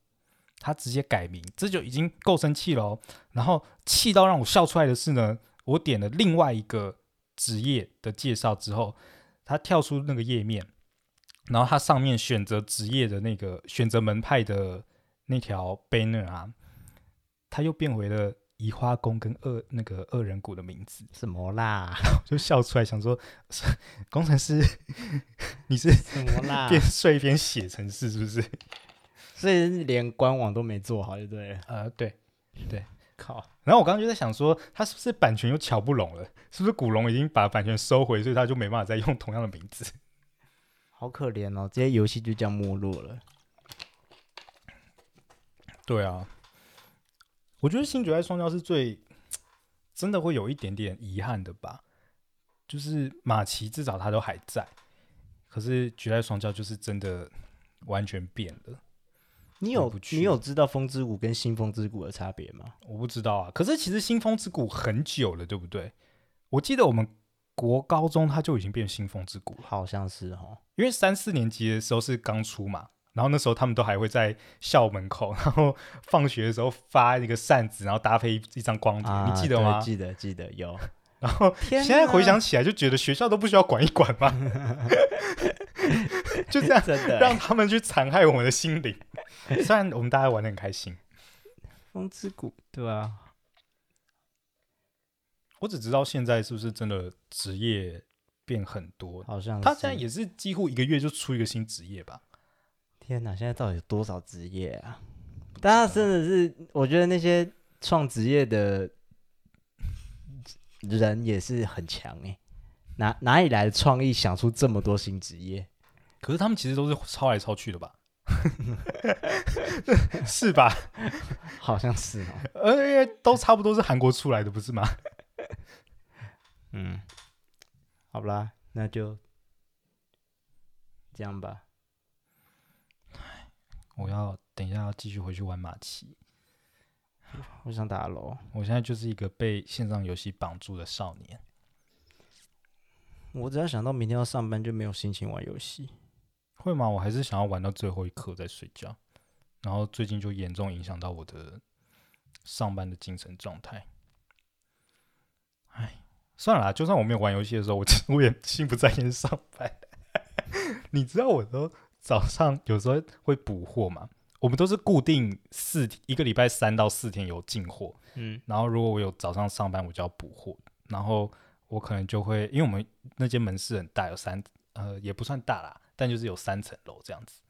它直接改名，這就已經夠生氣了哦。然後氣到讓我笑出來的是呢，我點了另外一個職業的介紹之後，它跳出那個頁面，然後它上面選擇職業的那個選擇門派的那條 banner 啊，它又變回了。移花宮跟惡那個惡人谷的名字什麼啦？然後就笑出來，想說，工程師，你是，邊邊是，是什麼啦？邊睡一邊寫程式，是不是？所以連官網都沒做好對，對不對？啊，對，對，靠。然後我剛剛就在想說，他是不是版權又瞧不攏了？是不是古龍已經把版權收回，所以他就沒辦法再用同樣的名字？好可憐哦，這些遊戲就這樣沒落了。對啊。我覺得新絕代雙驕是最真的會有一點點遺憾的吧，就是瑪奇至少他都還在，可是絕代雙驕就是真的完全變了。你有你有知道楓之谷跟新楓之谷的差別嗎？我不知道啊，可是其實新楓之谷很久了，對不對？我記得我們國高中它就已經變成新楓之谷，好像是哦，因為三四年級的時候是剛出嘛。然後那時候他們都還會在校門口，然後放學的時候發一個扇子，然後搭配一,一張光碟，啊、你記得嗎？記得記得有。然後哪現在回想起來，就覺得學校都不需要管一管嘛？ 就這樣， 耶讓他們去殘害我們的心靈。雖然我們大家玩得很開心。楓之谷，對啊。我只知道現在是不是真的職業變很多？好像他現在也是幾乎一個月就出一個新職業吧。天吶，現在到底有多少職業啊？大家真的是，我覺得那些創職業的人也是很強誒、欸。哪哪裡來的創意，想出這麼多新職業？可是他們其實都是抄來抄去的吧？ 是吧？好像是，呃，因為都差不多是韓國出來的，不是嗎？ 嗯，好啦，那就這樣吧。我要等一下要繼續回去玩瑪奇，我想打樓。我現在就是一個被線上遊戲綁住的少年。我只要想到明天要上班，就沒有心情玩遊戲。會嗎？我還是想要玩到最後一刻再睡覺。然後最近就嚴重影響到我的上班的精神狀態。哎，算了，就算我沒有玩遊戲的時候，我我也心不在焉上班。 你知道我都。早上有時候會補貨嘛，我們都是固定四，一個禮拜三到四天有進貨。嗯，然後如果我有早上上班，我就要補貨。然後我可能就會，因為我們那間門市很大，有三呃也不算大啦，但就是有三層樓這樣子。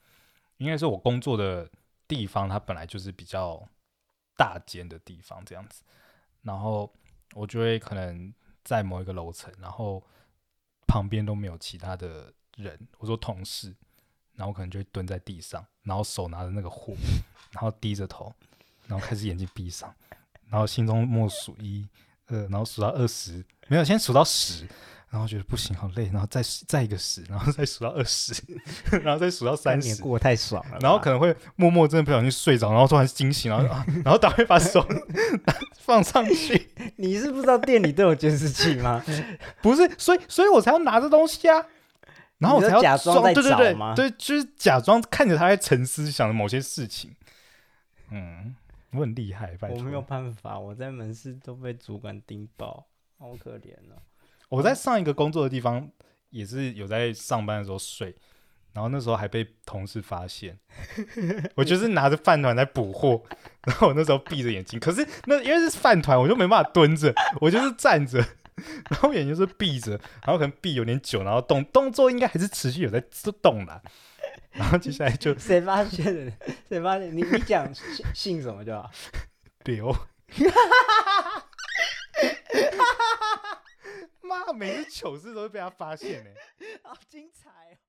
應該是我工作的地方，它本來就是比較大間的地方這樣子。然後我就會可能在某一個樓層，然後旁邊都沒有其他的人，我說同事。然後可能就會蹲在地上，然後手拿着那個護，然後低着頭，然後開始眼睛閉上，然後心中默數一，二，然後數到二十，沒有，先數到十，然後覺得不行，好累，然後再再一個十，然後再數到二十，然後再數到三十，過得太爽了。然後可能會默默真的不小心睡着，然後突然驚醒，然後、啊、 然後打開把手 放上去，你是不知道店裡都有監視器嗎？ 不是，所以所以我才要拿着東西啊。然後我才要裝假裝在對對對，就是假裝看着他在沉思，想著某些事情。嗯，我很厲害，反正我沒有辦法，我在門市都被主管盯爆，好可憐哦。我在上一個工作的地方也是有在上班的時候睡，然後那時候還被同事發現。 我就是拿着飯糰在補貨， 然後我那時候閉着眼睛， 可是那因為是飯糰，我就沒辦法蹲着， 我就是站着。 然後眼睛是閉着，然後可能閉有點久，然後動動作應該還是持續有在動啦、啊。然後接下來就誰發現？誰 發現？你你講姓什麼就好？劉。媽，每次糗事都會被他發現、欸，呢，好精彩、哦。